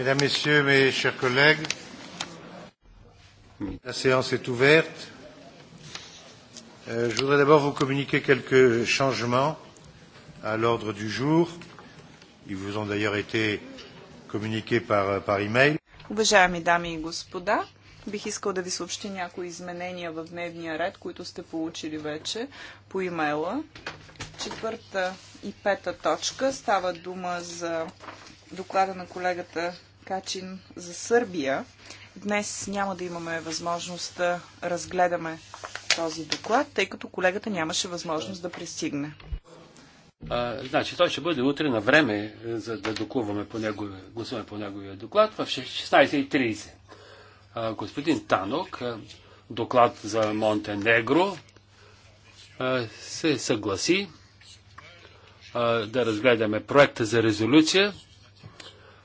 Mesdames, Messieurs, mes chers collègues, la séance est ouverte. Je voudrais d'abord vous communiquer quelques changements à l'ordre du jour. Ils vous ont d'ailleurs été communiqués par, par e-mail. Уважаеми дами и господа, бих искал да ви съобщи някои изменения в дневния ред, които сте получили вече по имейла. Четвърта и пета точка става дума за доклада на колегата Качин за Сърбия. Днес няма да имаме възможност да разгледаме този доклад, тъй като колегата нямаше възможност да пристигне. А, значи той ще бъде утре на време, е, за да докуваме по неговия, гласуваме по неговия доклад в 16.30. господин Танок, е, доклад за Монтенегро, а, е, се съгласи а, да разгледаме проекта за резолюция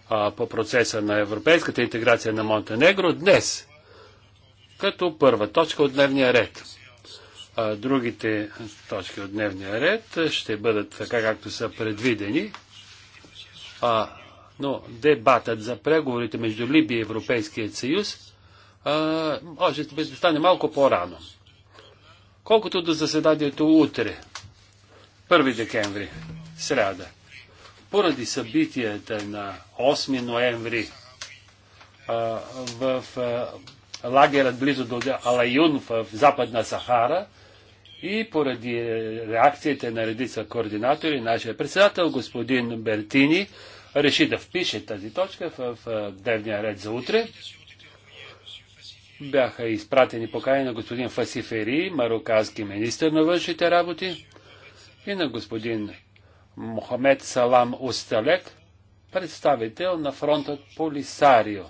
а, по процеса на европейската интеграция на Монтенегро днес, като първа точка от дневния ред. А, другите точки от дневния ред ще бъдат така, както са предвидени. А, но дебатът за преговорите между Либия и Европейския съюз а, може да стане малко по-рано. Колкото до заседанието утре, 1 декември, сряда поради събитията на 8 ноември а, в а, лагерът близо до Алаюн в Западна Сахара и поради реакцията на редица координатори, нашия председател господин Бертини реши да впише тази точка в, в дневния ред за утре. Бяха изпратени покани на господин Фасифери, марокански министр на външните работи, и на господин Мохамед Салам Усталек, представител на фронтът Полисарио,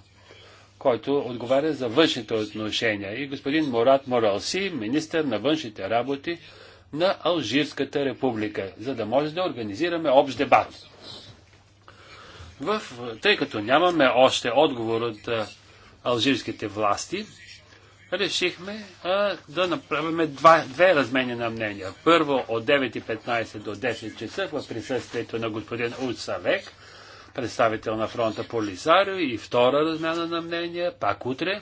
който отговаря за външните отношения, и господин Мурат Моралси, министър на външните работи на Алжирската република, за да може да организираме общ дебат. В, тъй като нямаме още отговор от алжирските власти, решихме а, да направим два, две размени на мнения. Първо от 9.15 до 10 часа в присъствието на господин Уцавек, представител на фронта Полисарио и втора размяна на мнения, пак утре,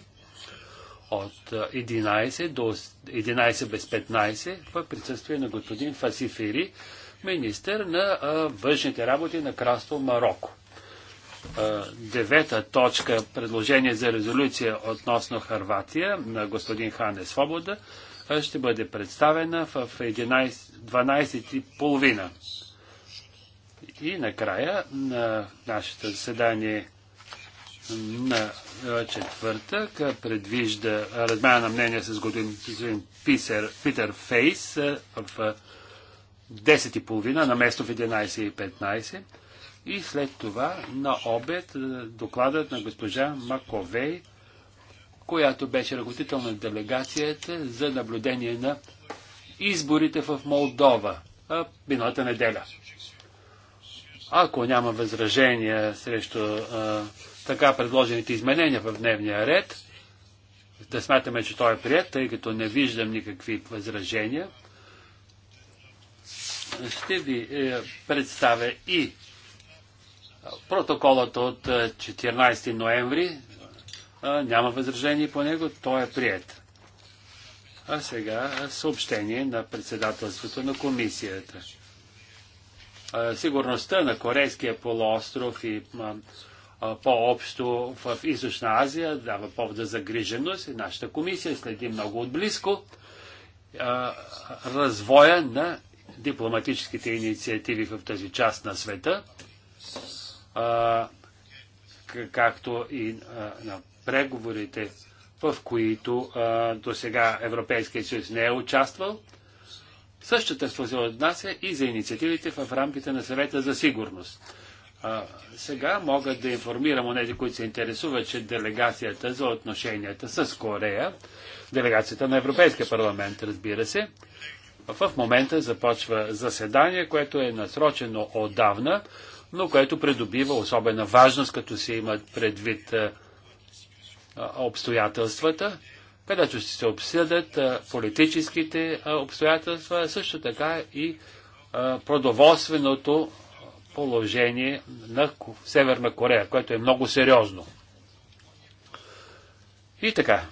от 11 до 11 без 15 в присъствие на господин Фасифири, министър на а, външните работи на Кралство Марокко девета точка предложение за резолюция относно Харватия на господин Хане Свобода ще бъде представена в 12.30. И накрая на нашето заседание на четвъртък предвижда размяна на мнение с господин Питер Фейс в 10.30 на место в 11.15. И след това на обед е, докладът на госпожа Маковей, която беше ръководител на делегацията за наблюдение на изборите в Молдова миналата неделя. Ако няма възражения срещу а, така предложените изменения в дневния ред, да смятаме, че той е прият, тъй като не виждам никакви възражения, ще ви е, представя и Протоколът от 14 е, ноември няма възражение по него, той е прият. А сега съобщение на председателството на комисията. Сигурността на Корейския полуостров и по-общо в Източна Азия дава повод за загриженост и нашата комисия следи много отблизко развоя на дипломатическите инициативи в тази част на света а, както и а, на преговорите, в които до сега Европейския съюз не е участвал. Същото се отнася и за инициативите в рамките на съвета за сигурност. А, сега мога да информирам онези, които се интересуват, че делегацията за отношенията с Корея, делегацията на Европейския парламент, разбира се, в момента започва заседание, което е насрочено отдавна но което придобива особена важност, като се имат предвид е, обстоятелствата, където ще се обсъдят е, политическите е, обстоятелства, също така и продоволственото положение на Северна Корея, което е много сериозно. И така,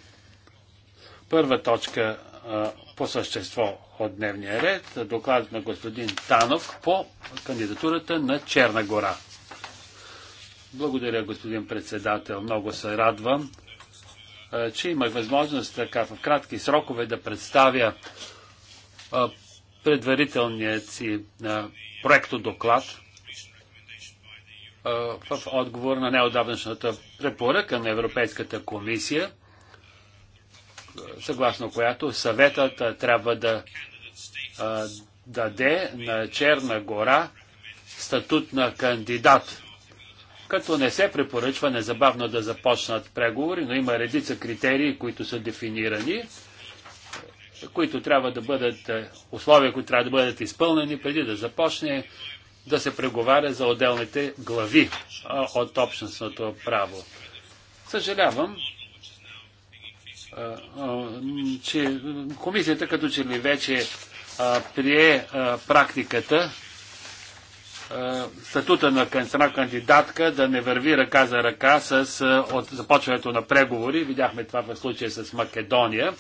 първа точка по същество от дневния ред доклад на господин Танов по кандидатурата на Черна гора. Благодаря, господин председател. Много се радвам, че имах възможност така в кратки срокове да представя предварителният си проектодоклад в отговор на неодавнашната препоръка на Европейската комисия съгласно която съветът трябва да даде на Черна гора статут на кандидат, като не се препоръчва незабавно да започнат преговори, но има редица критерии, които са дефинирани, които трябва да бъдат, условия, които трябва да бъдат изпълнени преди да започне да се преговаря за отделните глави от общностното право. Съжалявам, че комисията като че ли вече прие практиката статута на страна кандидатка да не върви ръка за ръка с от започването на преговори. Видяхме това в случая с Македония,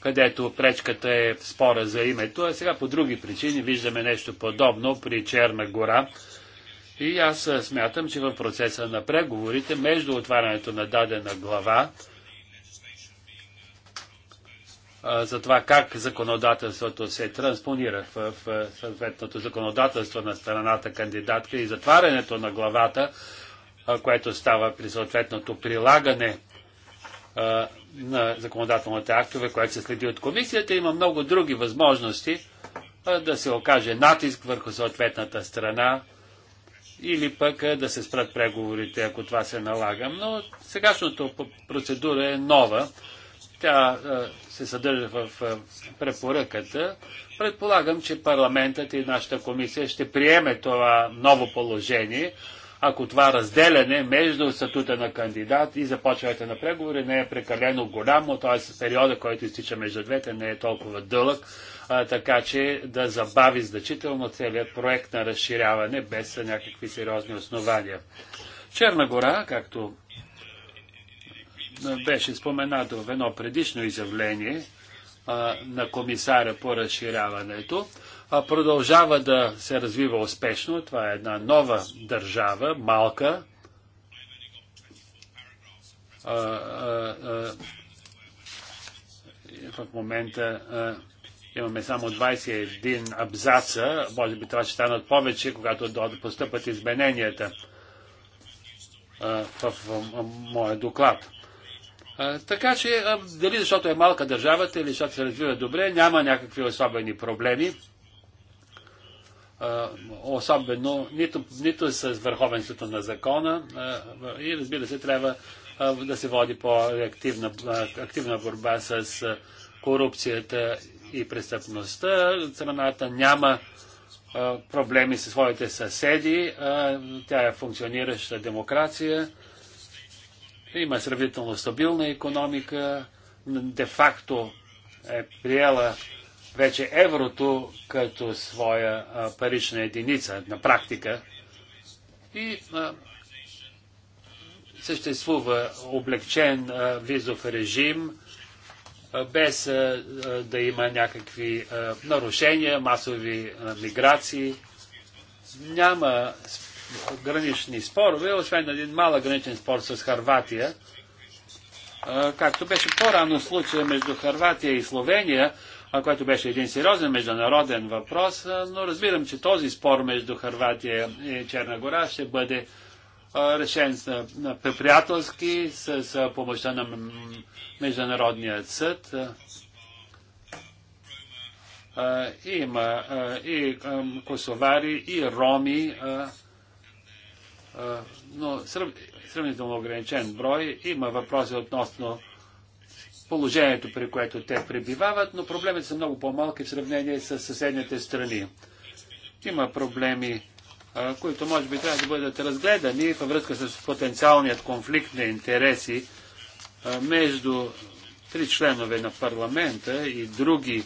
където пречката е спора за името, а сега по други причини виждаме нещо подобно при Черна гора. И аз смятам, че в процеса на преговорите между отварянето на дадена глава за това как законодателството се транспонира в, в съответното законодателство на страната кандидатка и затварянето на главата, което става при съответното прилагане а, на законодателните актове, което се следи от комисията, има много други възможности а, да се окаже натиск върху съответната страна или пък а, да се спрат преговорите, ако това се налага. Но сегашното процедура е нова. Тя се съдържа в препоръката, предполагам, че парламентът и нашата комисия ще приеме това ново положение, ако това разделяне между статута на кандидат и започването на преговори не е прекалено голямо, т.е. периода, който изтича между двете, не е толкова дълъг, а, така че да забави значително целият проект на разширяване без някакви сериозни основания. Черна гора, както беше споменато в едно предишно изявление а, на комисаря по разширяването, а, продължава да се развива успешно. Това е една нова държава, малка. А, в момента имаме само 21 абзаца. Може би това ще станат повече, когато постъпат измененията в моя доклад така че, дали защото е малка държавата или защото се развива добре, няма някакви особени проблеми. особено, нито, нито с върховенството на закона и разбира се, трябва да се води по-активна активна борба с корупцията и престъпността. Страната няма проблеми със своите съседи. тя е функционираща демокрация има сравнително стабилна економика, де-факто е приела вече еврото като своя парична единица на практика и а, съществува облегчен а, визов режим, без да има някакви нарушения, масови миграции. Няма гранични спорове, освен един малък граничен спор с Харватия, както беше по-рано случая между Харватия и Словения, който беше един сериозен международен въпрос, но разбирам, че този спор между Харватия и Черна гора ще бъде решен с, на, приятелски с помощта на Международния съд. Има и косовари, и роми, но сравнително ограничен брой. Има въпроси относно положението, при което те пребивават, но проблемите са много по-малки в сравнение с съседните страни. Има проблеми, които може би трябва да бъдат разгледани във връзка с потенциалният конфликт на интереси между три членове на парламента и други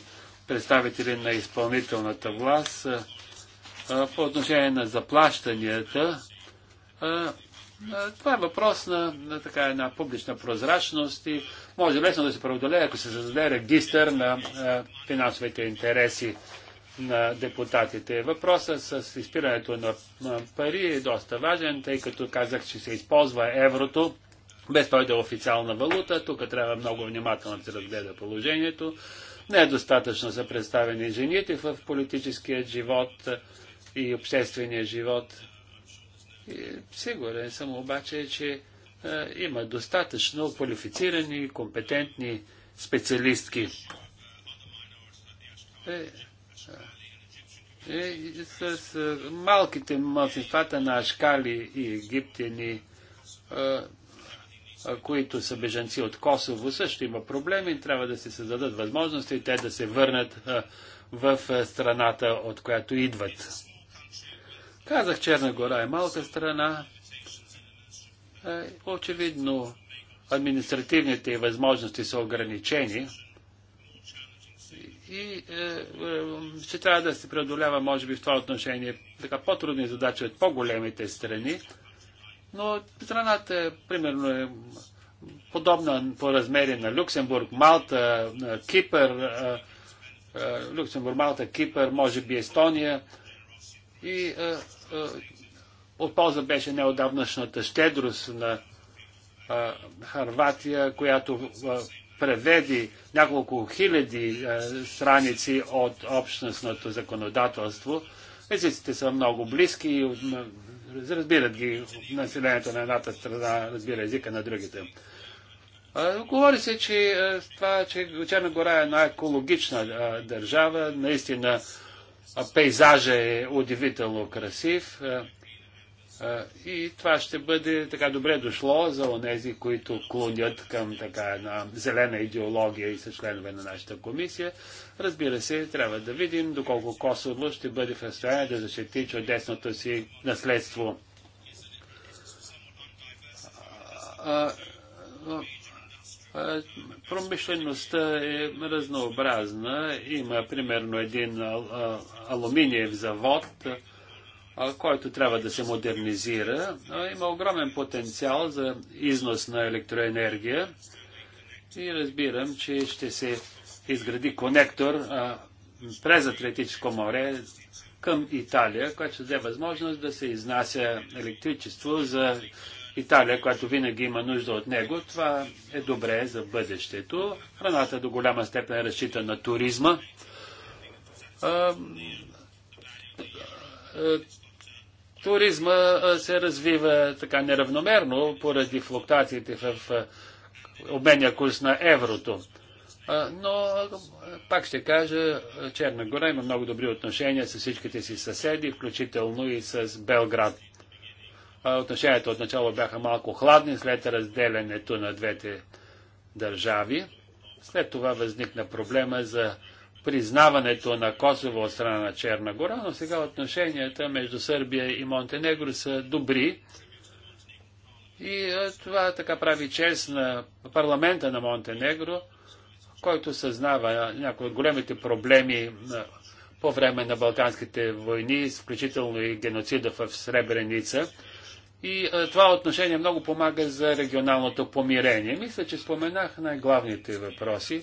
представители на изпълнителната власт по отношение на заплащанията това е въпрос на, на така една публична прозрачност и може лесно да се преодолее, ако се създаде регистър на а, финансовите интереси на депутатите. Въпросът с изпирането на пари е доста важен, тъй като казах, че се използва еврото, без той да е официална валута. Тук трябва много внимателно да се разгледа положението. Не е достатъчно за представени жените в политическия живот и обществения живот. Сигурен съм обаче, че има достатъчно квалифицирани, компетентни специалистки. Е, е, с, с малките мафифата на ашкали и египтяни, които са бежанци от Косово, също има проблеми. Трябва да се създадат възможности те да се върнат в страната, от която идват. Казах, Черна гора е малка страна. Е, очевидно, административните възможности са ограничени и е, е, ще трябва да се преодолява, може би, в това отношение така по-трудни задачи от по-големите страни, но страната, е, примерно, е подобна по размери на Люксембург, Малта, е, Кипър, е, е, Люксембург, Малта, Кипър, може би Естония. И е, от полза беше неодавнашната щедрост на е, Харватия, която е, преведи няколко хиляди страници от общностното законодателство. Езиците са много близки и разбират ги населението на едната страна, разбира езика на другите. Говори се, че това, че Черна гора е една екологична държава, наистина пейзажа е удивително красив е, е, и това ще бъде така добре дошло за онези, които клонят към така една зелена идеология и са членове на нашата комисия. Разбира се, трябва да видим доколко Косово ще бъде в състояние да защити чудесното си наследство. Промишлеността е разнообразна. Има примерно един алуминиев завод, който трябва да се модернизира. Има огромен потенциал за износ на електроенергия и разбирам, че ще се изгради конектор през Атлетическо море към Италия, което ще даде възможност да се изнася електричество за Италия, която винаги има нужда от него, това е добре за бъдещето. Храната до голяма степен разчита на туризма. А, а, туризма се развива така неравномерно поради флуктуациите в обменя курс на еврото. Но, пак ще кажа, Черна гора има много добри отношения с всичките си съседи, включително и с Белград. Отношенията отначало бяха малко хладни след разделянето на двете държави. След това възникна проблема за признаването на Косово от страна на Черна гора, но сега отношенията между Сърбия и Монтенегро са добри. И това така прави чест на парламента на Монтенегро, който съзнава някои от големите проблеми по време на Балканските войни, включително и геноцида в Сребреница. И е, това отношение много помага за регионалното помирение. Мисля, че споменах най-главните въпроси.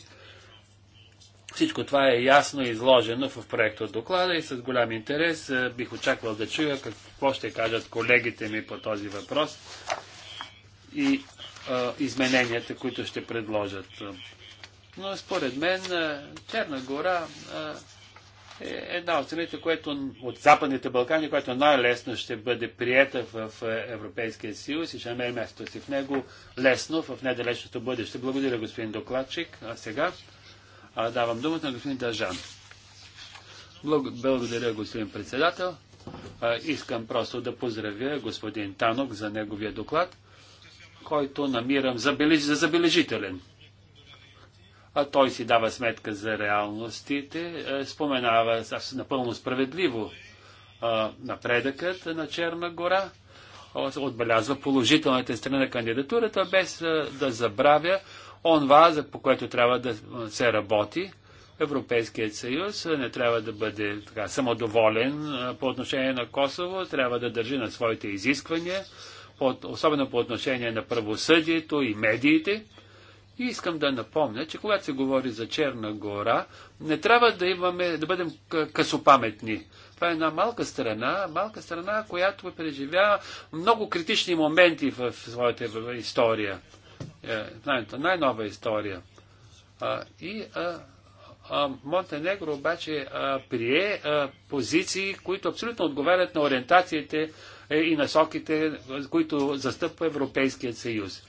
Всичко това е ясно изложено в проекта от доклада и с голям интерес е, бих очаквал да чуя какво ще кажат колегите ми по този въпрос и а, е, измененията, които ще предложат. Но според мен Черна гора е една от страните, което от Западните Балкани, която най-лесно ще бъде приета в Европейския съюз и ще намери мястото си в него лесно в недалечното бъдеще. Благодаря, господин докладчик. А сега а, давам думата на господин Държан. Благодаря, господин председател. А, искам просто да поздравя господин Танок за неговия доклад, който намирам забележ... за забележителен а той си дава сметка за реалностите, е, споменава напълно справедливо е, напредъкът на Черна гора, отбелязва положителните страни на кандидатурата, без е, да забравя онва, по което трябва да се работи. Европейският съюз не трябва да бъде така, самодоволен по отношение на Косово, трябва да държи на своите изисквания, особено по отношение на правосъдието и медиите. И искам да напомня, че когато се говори за Черна гора, не трябва да, имаме, да бъдем късопаметни. Това е една малка страна, малка страна, която преживя много критични моменти в своята история. Е, най-нова история. А, и а, а, Монтенегро обаче а, прие а, позиции, които абсолютно отговарят на ориентациите е, и насоките, които застъпва Европейският съюз.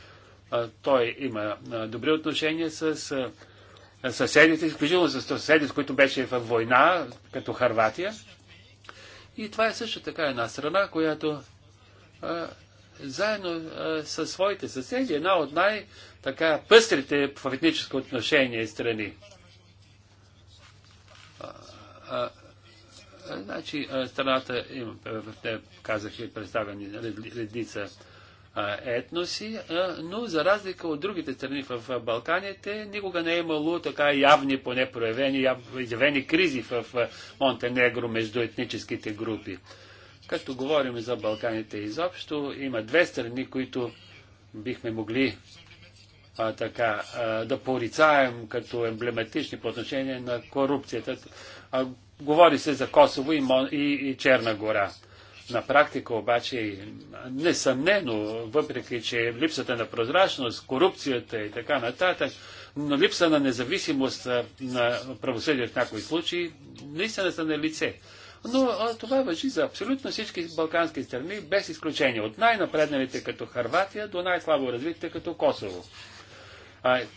Той има добри отношения с съседите, изключително с съседи, с които беше в война, като Харватия. И това е също така една страна, която а, заедно а, със своите съседи, една от най-така пъстрите в етническо отношение страни. А, а, а, значи, страната, им, е, е, казах, е представени редица етноси, но за разлика от другите страни в Балканите, никога не е имало така явни, поне проявени, явени кризи в Монтенегро между етническите групи. Като говорим за Балканите изобщо, има две страни, които бихме могли а, така, а, да порицаем като емблематични по отношение на корупцията. А, говори се за Косово и, Мон, и, и Черна гора. На практика обаче, несъмнено, въпреки че липсата на прозрачност, корупцията и така нататък, но липса на независимост на правосъдие в някои случаи, наистина са на лице. Но това въжи за абсолютно всички балкански страни, без изключение. От най-напредналите като Харватия до най-слабо развитите като Косово.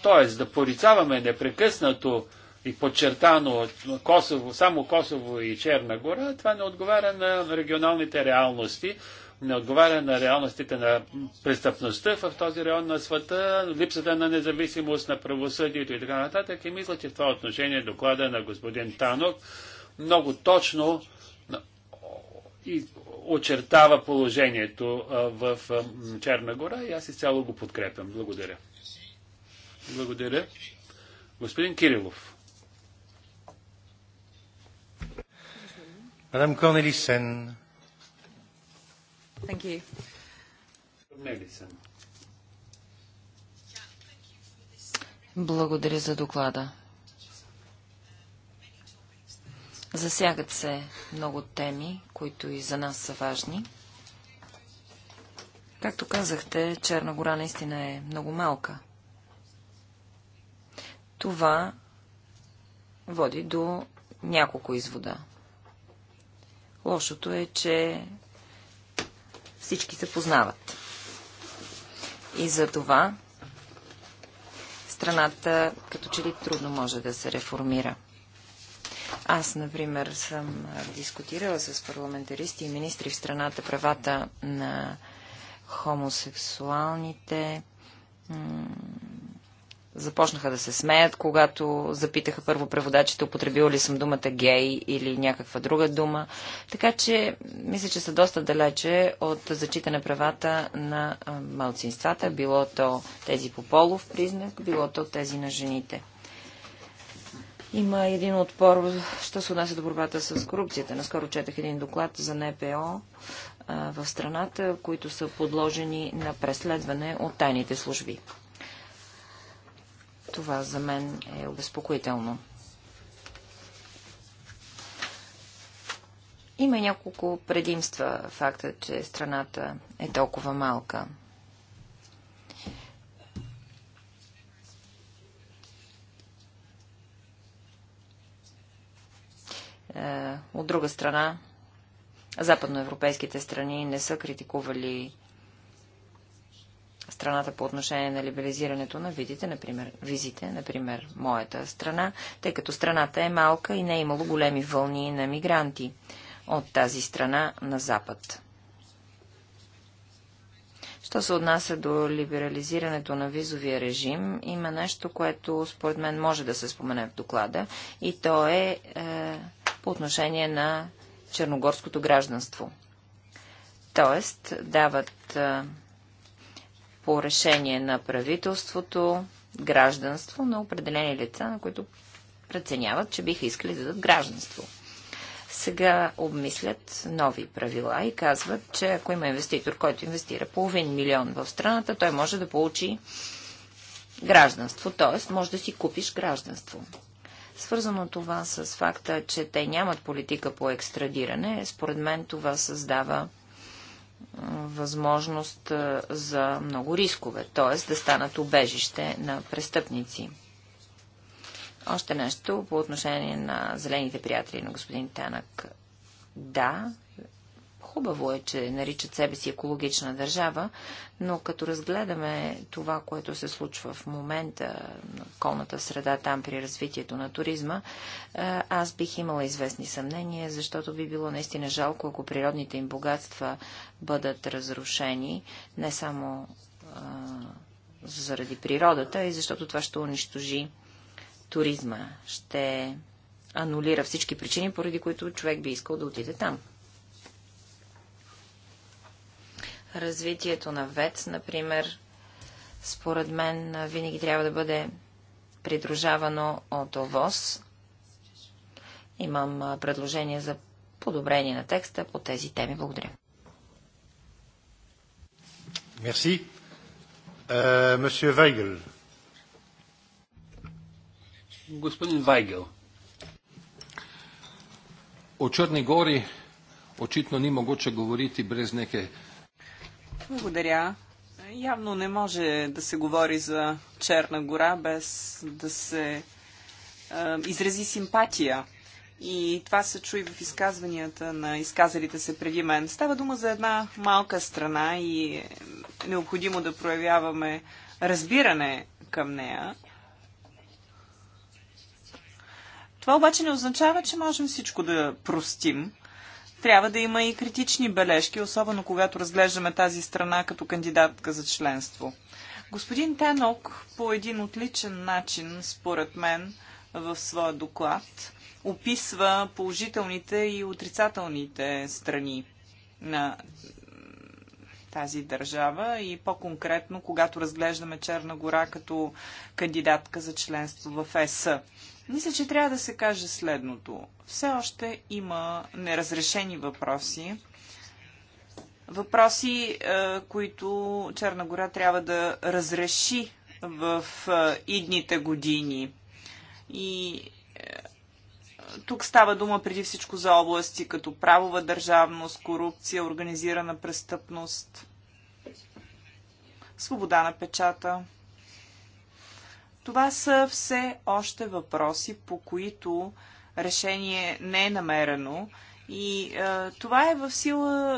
тоест да порицаваме непрекъснато и подчертано Косово, само Косово и Черна гора, това не отговаря на регионалните реалности, не отговаря на реалностите на престъпността в този район на света, липсата на независимост на правосъдието и така нататък. И мисля, че в това отношение доклада на господин Танок много точно и очертава положението в Черна гора и аз изцяло го подкрепям. Благодаря. Благодаря. Господин Кирилов. Madame Cornelissen. Thank you. Cornelissen. Благодаря за доклада. Засягат се много теми, които и за нас са важни. Както казахте, Черна гора наистина е много малка. Това води до няколко извода. Лошото е, че всички се познават. И за това страната като че ли трудно може да се реформира. Аз, например, съм дискутирала с парламентаристи и министри в страната правата на хомосексуалните започнаха да се смеят, когато запитаха първо преводачите, употребила ли съм думата гей или някаква друга дума. Така че, мисля, че са доста далече от зачитане правата на малцинствата, било то тези по полов признак, било то тези на жените. Има един отпор, що се отнася до борбата с корупцията. Наскоро четах един доклад за НПО а, в страната, които са подложени на преследване от тайните служби. Това за мен е обезпокоително. Има няколко предимства факта, че страната е толкова малка. Е, от друга страна, западноевропейските страни не са критикували страната по отношение на либерализирането на видите, например, визите, например, моята страна, тъй като страната е малка и не е имало големи вълни на мигранти от тази страна на запад. Що се отнася до либерализирането на визовия режим, има нещо, което според мен може да се спомене в доклада и то е, е по отношение на черногорското гражданство. Тоест, дават е, по решение на правителството гражданство на определени лица, на които преценяват, че биха искали да дадат гражданство. Сега обмислят нови правила и казват, че ако има инвеститор, който инвестира половин милион в страната, той може да получи гражданство, т.е. може да си купиш гражданство. Свързано това с факта, че те нямат политика по екстрадиране, според мен това създава възможност за много рискове, т.е. да станат убежище на престъпници. Още нещо по отношение на зелените приятели на господин Танък. Да, Хубаво е, че наричат себе си екологична държава, но като разгледаме това, което се случва в момента на околната среда там при развитието на туризма, е, аз бих имала известни съмнения, защото би било наистина жалко, ако природните им богатства бъдат разрушени, не само а, заради природата, и защото това ще унищожи туризма, ще анулира всички причини, поради които човек би искал да отиде там. развитието на ВЕЦ, например, според мен винаги трябва да бъде придружавано от ОВОз. Имам предложение за подобрение на текста по тези теми. Благодаря. Мерси. Мсье Вайгел. Господин Вайгел. O Črni Gori očitno ni mogoče говорити без neke благодаря. Явно не може да се говори за Черна гора без да се е, изрази симпатия. И това се чуи в изказванията на изказалите се преди мен. Става дума за една малка страна и е необходимо да проявяваме разбиране към нея. Това обаче не означава, че можем всичко да простим трябва да има и критични бележки, особено когато разглеждаме тази страна като кандидатка за членство. Господин Тенок по един отличен начин, според мен, в своя доклад описва положителните и отрицателните страни на тази държава и по-конкретно, когато разглеждаме Черна гора като кандидатка за членство в ЕС. Мисля, че трябва да се каже следното. Все още има неразрешени въпроси. Въпроси, е, които Черна гора трябва да разреши в е, идните години. И е, тук става дума преди всичко за области като правова държавност, корупция, организирана престъпност, свобода на печата. Това са все още въпроси, по които решение не е намерено. И е, това е в сила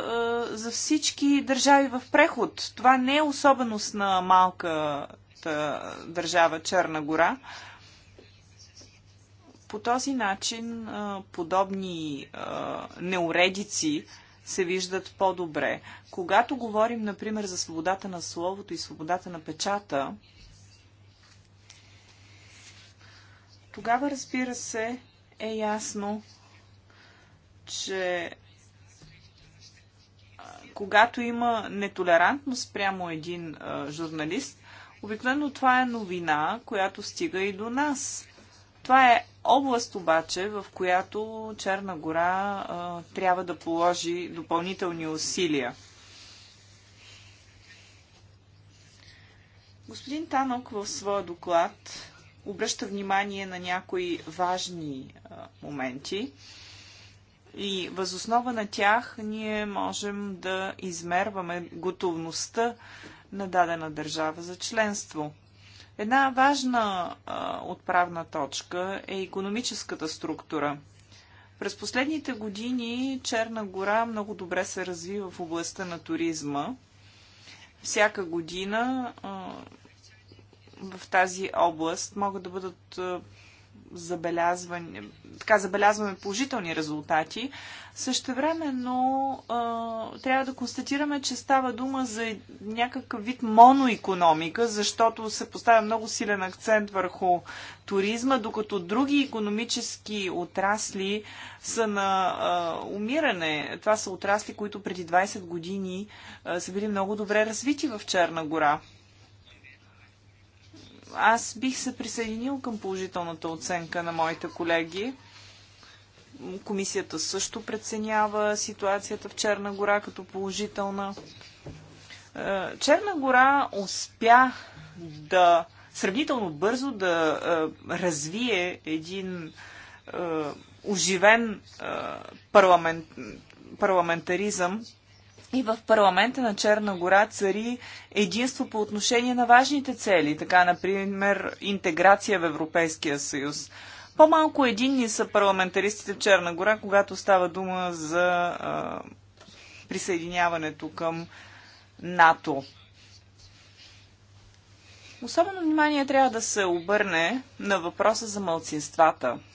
е, за всички държави в преход. Това не е особеност на малката държава Черна гора. По този начин е, подобни е, неуредици се виждат по-добре. Когато говорим, например, за свободата на словото и свободата на печата, Тогава, разбира се, е ясно, че когато има нетолерантност прямо един а, журналист, обикновено това е новина, която стига и до нас. Това е област обаче, в която Черна гора а, трябва да положи допълнителни усилия. Господин Танок в своя доклад обръща внимание на някои важни моменти и възоснова на тях ние можем да измерваме готовността на дадена държава за членство. Една важна а, отправна точка е економическата структура. През последните години Черна гора много добре се развива в областта на туризма. Всяка година в тази област могат да бъдат забелязвани, така забелязваме положителни резултати. но а, трябва да констатираме, че става дума за някакъв вид моноекономика, защото се поставя много силен акцент върху туризма, докато други економически отрасли са на а, умиране. Това са отрасли, които преди 20 години а, са били много добре развити в Черна гора аз бих се присъединил към положителната оценка на моите колеги. Комисията също преценява ситуацията в Черна гора като положителна. Е, Черна гора успя да сравнително бързо да е, развие един е, оживен парламент, парламентаризъм и в парламента на Черна гора цари единство по отношение на важните цели, така например интеграция в Европейския съюз. По-малко единни са парламентаристите в Черна гора, когато става дума за а, присъединяването към НАТО. Особено внимание трябва да се обърне на въпроса за мълцинствата –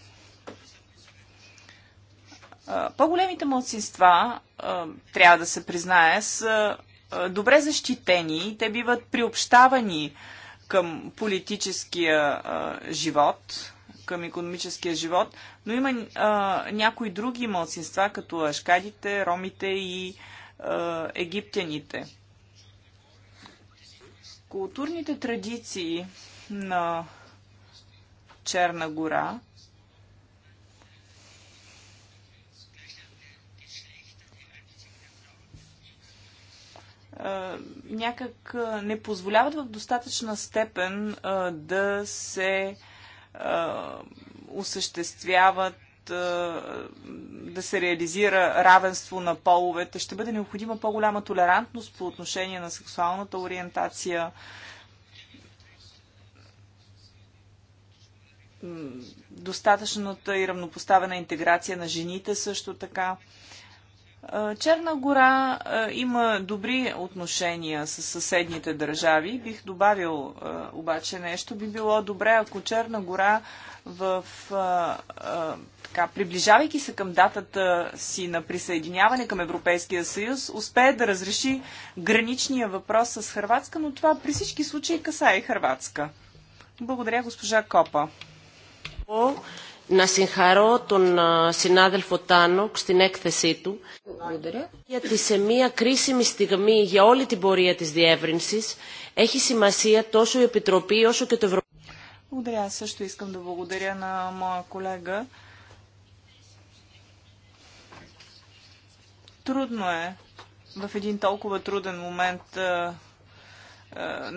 по-големите младсинства, трябва да се признае, са добре защитени и те биват приобщавани към политическия живот, към економическия живот, но има някои други младсинства, като ашкадите, ромите и египтяните. Културните традиции на Черна гора – някак не позволяват в достатъчна степен да се осъществяват да се реализира равенство на половете. Ще бъде необходима по-голяма толерантност по отношение на сексуалната ориентация. Достатъчната и равнопоставена интеграция на жените също така. Черна гора има добри отношения с съседните държави. Бих добавил обаче нещо. Би било добре, ако Черна гора в така, приближавайки се към датата си на присъединяване към Европейския съюз, успее да разреши граничния въпрос с Хрватска, но това при всички случаи касае и Хрватска. Благодаря, госпожа Копа να συγχαρώ τον συνάδελφο Τάνοξ στην έκθεσή του γιατί σε μια κρίσιμη στιγμή για όλη την πορεία της διεύρυνσης έχει σημασία τόσο η Επιτροπή όσο και το Ευρωπαϊκό. Благодаря. Аз Също искам да благодаря на моя колега. Трудно е в един толкова труден момент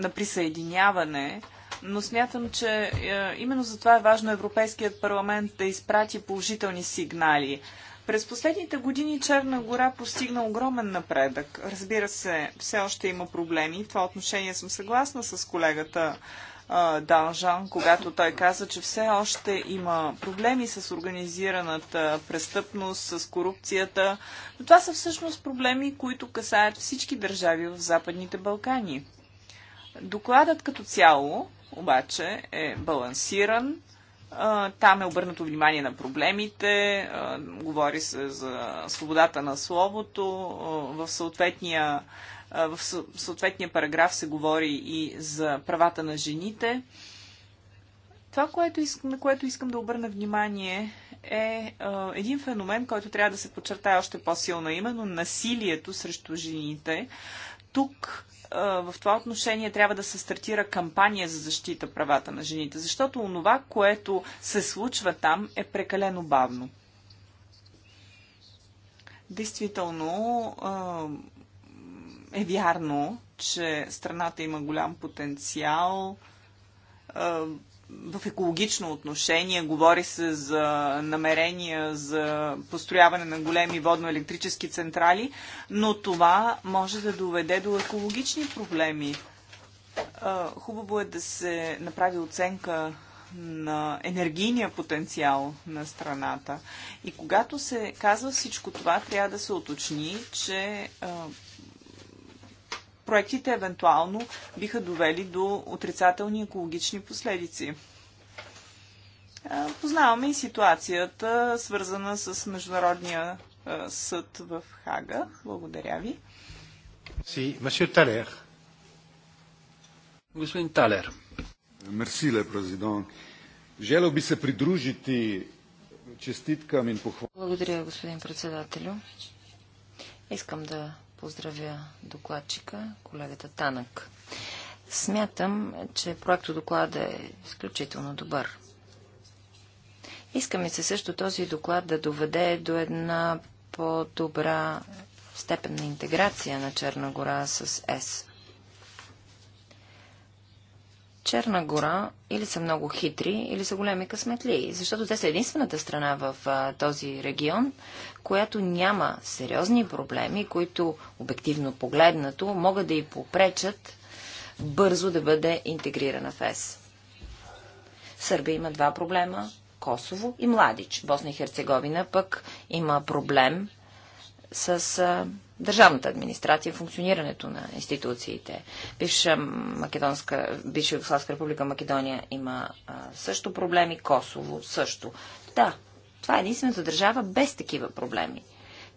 на присъединяване но смятам, че е, именно за това е важно Европейският парламент да изпрати положителни сигнали. През последните години Черна гора постигна огромен напредък. Разбира се, все още има проблеми. В това отношение съм съгласна с колегата е, Данжан, когато той каза, че все още има проблеми с организираната престъпност, с корупцията. Но това са всъщност проблеми, които касаят всички държави в Западните Балкани. Докладът като цяло обаче е балансиран. Там е обърнато внимание на проблемите, говори се за свободата на словото. В съответния, в съответния параграф се говори и за правата на жените. Това, което искам, на което искам да обърна внимание, е един феномен, който трябва да се подчертая още по-силно, именно насилието срещу жените. Тук в това отношение трябва да се стартира кампания за защита правата на жените, защото онова, което се случва там, е прекалено бавно. Действително е вярно, че страната има голям потенциал в екологично отношение, говори се за намерения за построяване на големи водно-електрически централи, но това може да доведе до екологични проблеми. Хубаво е да се направи оценка на енергийния потенциал на страната. И когато се казва всичко това, трябва да се уточни, че проектите евентуално биха довели до отрицателни екологични последици. Познаваме и ситуацията, свързана с Международния съд в Хага. Благодаря ви. Си, месье Талер. Господин Талер. Мерси, ле президент. Желал би се придружити честиткам и похвал. Благодаря, господин председателю. Искам да поздравя докладчика, колегата Танък. Смятам, че доклада е изключително добър. Искаме се също този доклад да доведе до една по-добра степен на интеграция на Черна гора с ЕС. Черна гора или са много хитри, или са големи късметли, защото те са единствената страна в а, този регион, която няма сериозни проблеми, които, обективно погледнато, могат да и попречат бързо да бъде интегрирана в ЕС. Сърбия има два проблема – Косово и Младич. Босна и Херцеговина пък има проблем с а, държавната администрация, функционирането на институциите. Бивша Македонска, бивша Югославска република Македония има а, също проблеми, Косово също. Да, това е единствената държава без такива проблеми.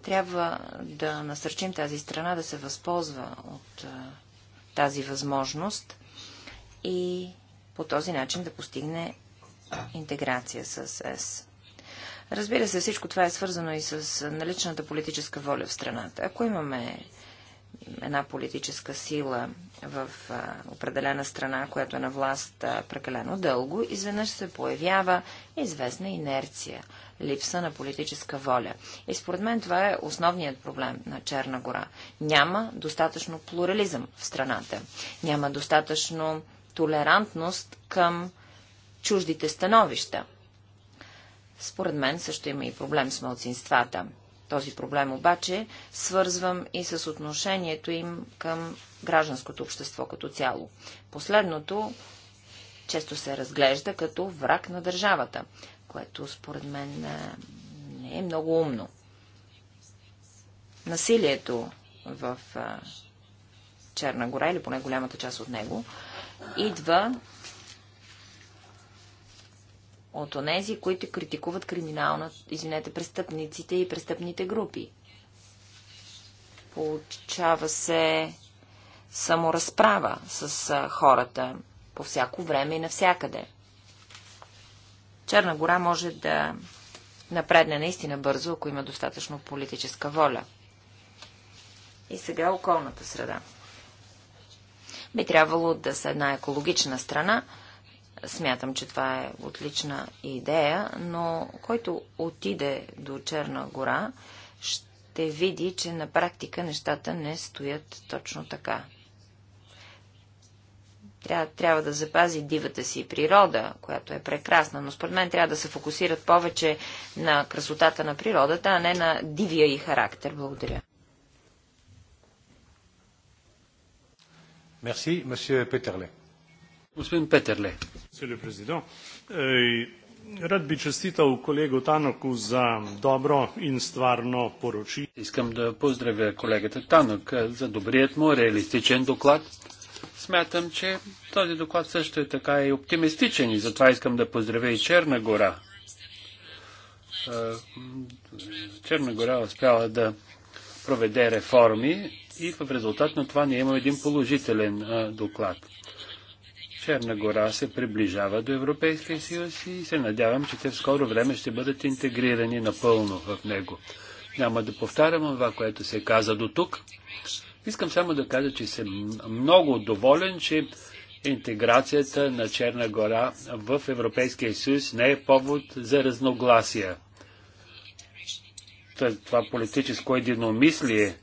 Трябва да насърчим тази страна да се възползва от а, тази възможност и по този начин да постигне интеграция с ЕС. Разбира се, всичко това е свързано и с наличната политическа воля в страната. Ако имаме една политическа сила в а, определена страна, която е на власт а, прекалено дълго, изведнъж се появява известна инерция, липса на политическа воля. И според мен това е основният проблем на Черна гора. Няма достатъчно плурализъм в страната. Няма достатъчно толерантност към чуждите становища. Според мен също има и проблем с мълцинствата. Този проблем обаче свързвам и с отношението им към гражданското общество като цяло. Последното често се разглежда като враг на държавата, което според мен е, не е много умно. Насилието в е, Черна гора, или поне голямата част от него, идва от онези, които критикуват криминална, извинете, престъпниците и престъпните групи. Получава се саморазправа с хората по всяко време и навсякъде. Черна гора може да напредне наистина бързо, ако има достатъчно политическа воля. И сега околната среда. Би трябвало да са една екологична страна, Смятам, че това е отлична идея, но който отиде до Черна гора, ще види, че на практика нещата не стоят точно така. Трябва, трябва да запази дивата си природа, която е прекрасна, но според мен трябва да се фокусират повече на красотата на природата, а не на дивия и характер. Благодаря. Мерси, месье Петерле. Господин Петерле. Monsieur le Président. Eh, rad bi čestital kolegu Tanoku за добро и стварно поручи. Искам да поздравя колегата Танок за добрият му реалистичен доклад. Смятам, че този доклад също е така и оптимистичен и затова искам да поздравя и Черна гора. Е, Черна гора успява да проведе реформи и в резултат на това ние имаме един положителен е, доклад. Черна гора се приближава до Европейския съюз и се надявам, че те в скоро време ще бъдат интегрирани напълно в него. Няма да повтарям това, което се каза до тук. Искам само да кажа, че съм много доволен, че интеграцията на Черна гора в Европейския съюз не е повод за разногласия. Това политическо единомислие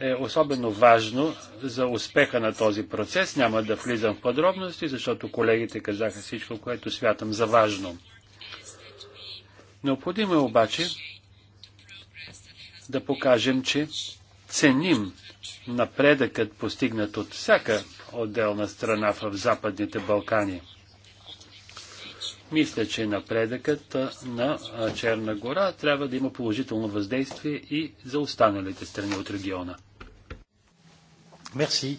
е особено важно за успеха на този процес. Няма да влизам в подробности, защото колегите казаха всичко, което смятам за важно. Необходимо е обаче да покажем, че ценим напредъкът, постигнат от всяка отделна страна в Западните Балкани – мисля, че напредъкът на Черна гора трябва да има положително въздействие и за останалите страни от региона. Мерси.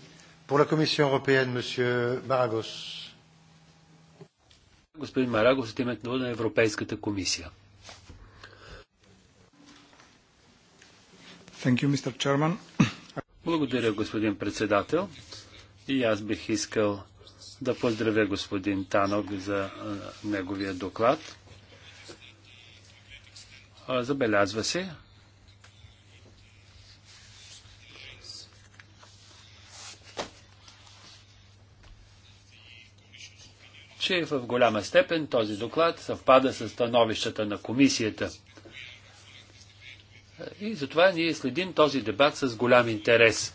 Pour la Commission européenne, Monsieur Maragos. Господин Марагос от името на Европейската комисия. Thank you, Mr. Благодаря, господин председател. И аз бих искал да поздравя господин Танок за неговия доклад. Забелязва се, че в голяма степен този доклад съвпада с становищата на комисията. И затова ние следим този дебат с голям интерес.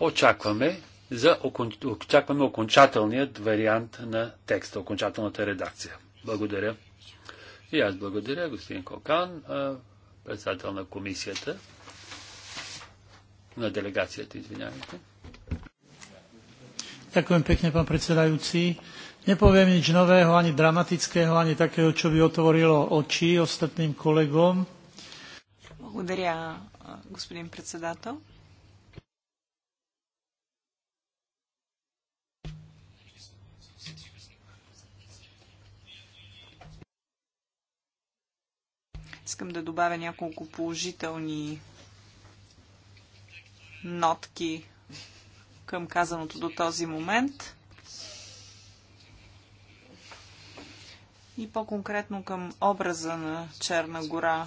Очакваме за очакваме окончателният вариант на текста, окончателната редакция. Благодаря. И аз благодаря, господин Кокан, председател на комисията, на делегацията, извинявайте. Ďakujem pekne, pán predsedajúci. Nepoviem nič nového, ani dramatického, ani takého, čo by otvorilo oči ostatným kolegom. Благодаря, господин председател. Искам да добавя няколко положителни нотки към казаното до този момент. И по-конкретно към образа на Черна гора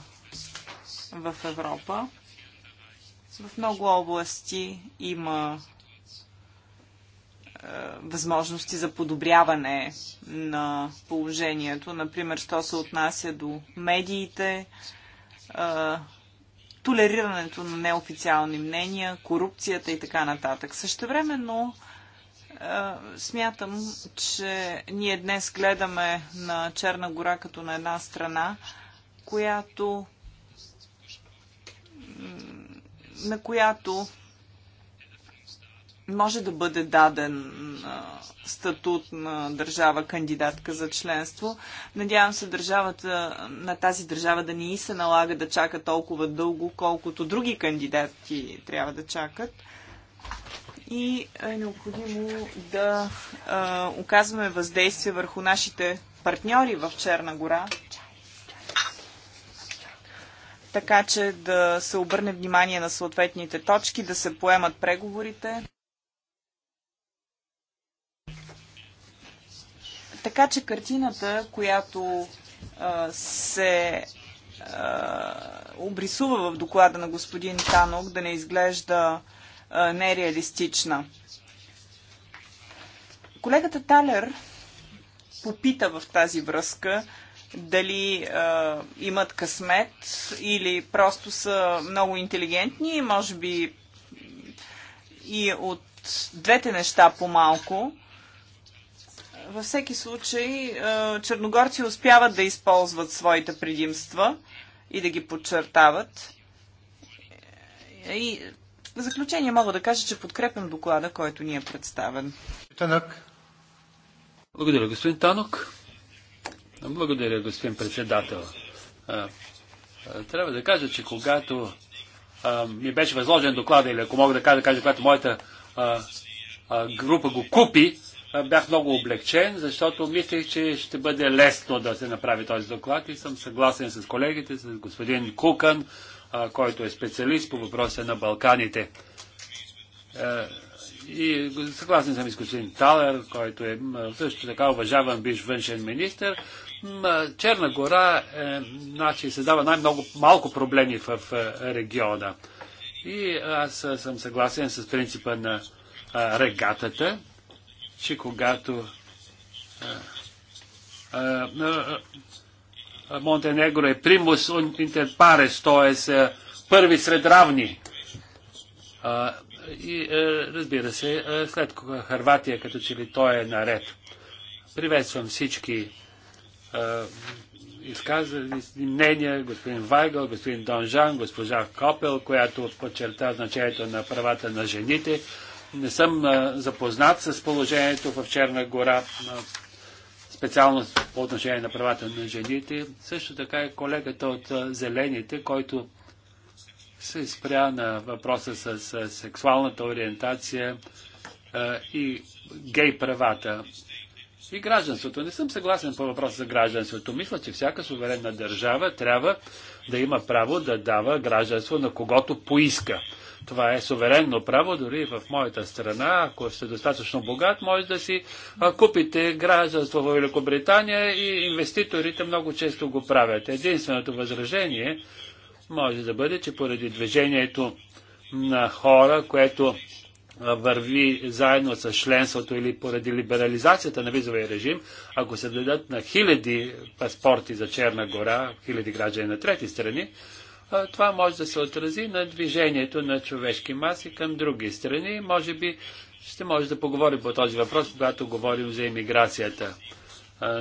в Европа. В много области има е, възможности за подобряване на положението. Например, що се отнася до медиите, е, толерирането на неофициални мнения, корупцията и така нататък. но е, смятам, че ние днес гледаме на Черна гора като на една страна, която на която може да бъде даден статут на държава кандидатка за членство. Надявам се държавата, на тази държава да ни се налага да чака толкова дълго, колкото други кандидати трябва да чакат. И е необходимо да а, оказваме въздействие върху нашите партньори в Черна гора, така че да се обърне внимание на съответните точки, да се поемат преговорите. Така че картината, която а, се а, обрисува в доклада на господин Танок, да не изглежда а, нереалистична. Колегата Талер попита в тази връзка дали а, имат късмет или просто са много интелигентни може би и от двете неща по-малко. Във всеки случай, е, черногорци успяват да използват своите предимства и да ги подчертават. И в заключение мога да кажа, че подкрепям доклада, който ни е представен. Танък. Благодаря, господин Танок. Благодаря, господин председател. Е, е, трябва да кажа, че когато ми беше възложен доклада, или ако мога да кажа, да кажа когато моята група го купи, е, бях много облегчен, защото мислех, че ще бъде лесно да се направи този доклад и съм съгласен с колегите, с господин Кукан, е, който е специалист по въпроса на Балканите. Е, и съгласен съм и с господин Талер, който е също така уважаван биш външен министр. Черна гора е, значи, създава най-много малко проблеми в региона. И аз съм съгласен с принципа на регатата че когато Монтенегро е примус интерпарес, т.е. първи сред равни. И разбира се, след Харватия, като че ли той е наред. Приветствам всички изказали мнения, господин Вайгъл, господин Донжан, госпожа Копел, която подчерта значението на правата на жените, не съм запознат с положението в Черна гора, специално по отношение на правата на жените. Също така и е колегата от Зелените, който се спря на въпроса с сексуалната ориентация и гей правата. И гражданството. Не съм съгласен по въпроса за гражданството. Мисля, че всяка суверенна държава трябва да има право да дава гражданство на когото поиска. Това е суверенно право, дори в моята страна, ако сте достатъчно богат, може да си купите гражданство в Великобритания и инвеститорите много често го правят. Единственото възражение може да бъде, че поради движението на хора, което върви заедно с членството или поради либерализацията на визовия режим, ако се дадат на хиляди паспорти за Черна гора, хиляди граждани на трети страни, това може да се отрази на движението на човешки маси към други страни. Може би ще може да поговорим по този въпрос, когато говорим за иммиграцията.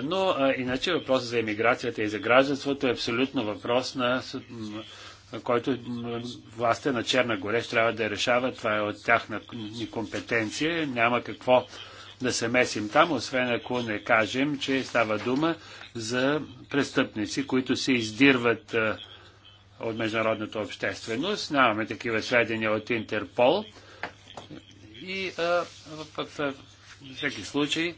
Но иначе въпросът за емиграцията и за гражданството е абсолютно въпрос на който властта на Черна Гореш трябва да решава. Това е от тяхна компетенция. Няма какво да се месим там, освен ако не кажем, че става дума за престъпници, които се издирват от международната общественост. Нямаме такива сведения от Интерпол. И а, в, в, в всеки случай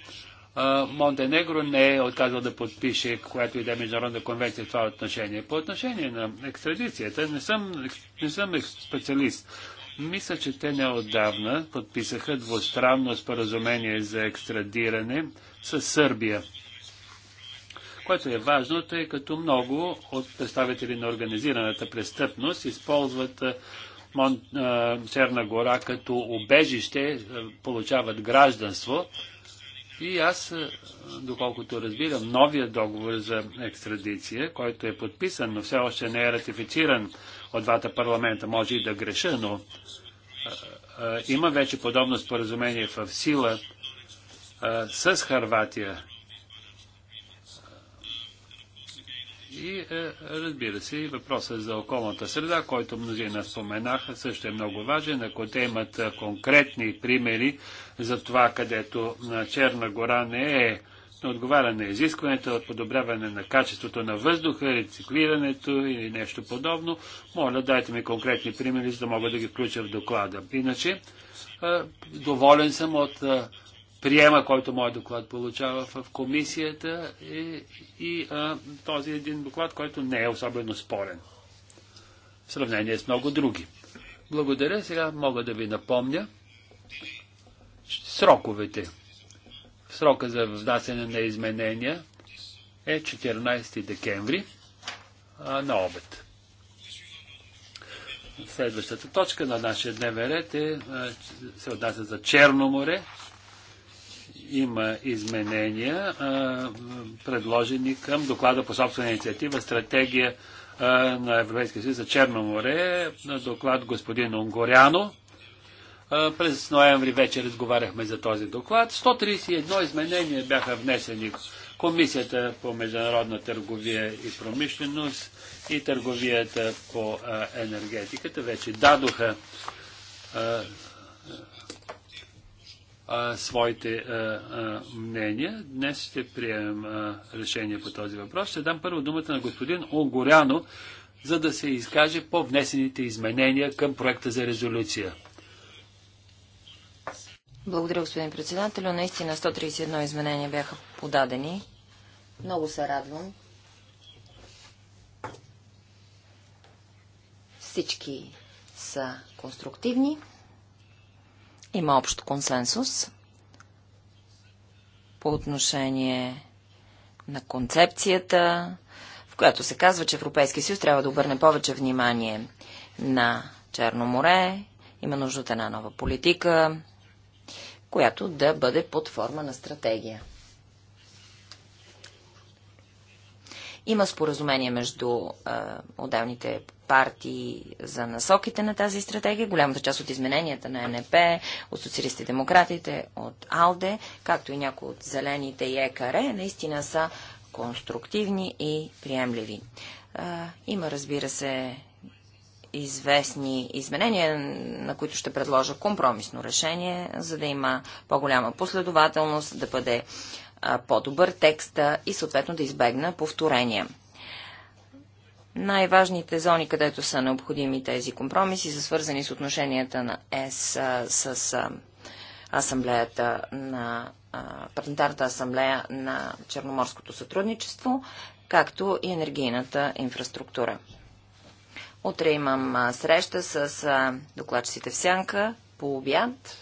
Монтенегро не е отказал да подпише която и да е международна конвенция в това отношение. По отношение на екстрадицията, не съм, не съм специалист. Мисля, че те неодавна подписаха двустранно споразумение за екстрадиране с Сърбия което е важно, тъй като много от представители на организираната престъпност използват Мон, Черна гора като обежище, получават гражданство. И аз, доколкото разбирам, новия договор за екстрадиция, който е подписан, но все още не е ратифициран от двата парламента, може и да греша, но има вече подобно споразумение в сила с Харватия. И е, разбира се, въпросът за околната среда, който мнозина споменаха, също е много важен. Ако те имат е, конкретни примери за това, където е, Черна гора не е отговаря на изискването от подобряване на качеството на въздуха, рециклирането или нещо подобно, моля, дайте ми конкретни примери, за да мога да ги включа в доклада. Иначе, доволен съм от приема, който мой доклад получава в комисията и, и а, този един доклад, който не е особено спорен. В сравнение с много други. Благодаря. Сега мога да ви напомня сроковете. Срока за внасяне на изменения е 14 декември а, на обед. Следващата точка на нашия дневен ред е, се отнася за Черно море има изменения, предложени към доклада по собствена инициатива Стратегия на Европейския съюз за Черно море, на доклад господин Онгоряно. през ноември вече разговаряхме за този доклад. 131 изменения бяха внесени. Комисията по международна търговия и промишленост и търговията по енергетиката вече дадоха а, своите а, а, мнения. Днес ще приемем а, решение по този въпрос. Ще дам първо думата на господин Огоряно, за да се изкаже по внесените изменения към проекта за резолюция. Благодаря, господин председател. Наистина 131 изменения бяха подадени. Много се радвам. Всички са конструктивни. Има общ консенсус по отношение на концепцията, в която се казва, че Европейския съюз трябва да обърне повече внимание на Черно море. Има нужда от една нова политика, която да бъде под форма на стратегия. Има споразумение между а, отделните партии за насоките на тази стратегия. Голямата част от измененията на НП, от социалистите демократите, от АЛДЕ, както и някои от зелените и ЕКАРЕ, е, наистина са конструктивни и приемливи. А, има, разбира се, известни изменения, на които ще предложа компромисно решение, за да има по-голяма последователност, да бъде по-добър текст и съответно да избегна повторения. Най-важните зони, където са необходими тези компромиси, са свързани с отношенията на ЕС с асамблеята на парламентарната асамблея на Черноморското сътрудничество, както и енергийната инфраструктура. Утре имам среща с докладчиците в Сянка по обяд.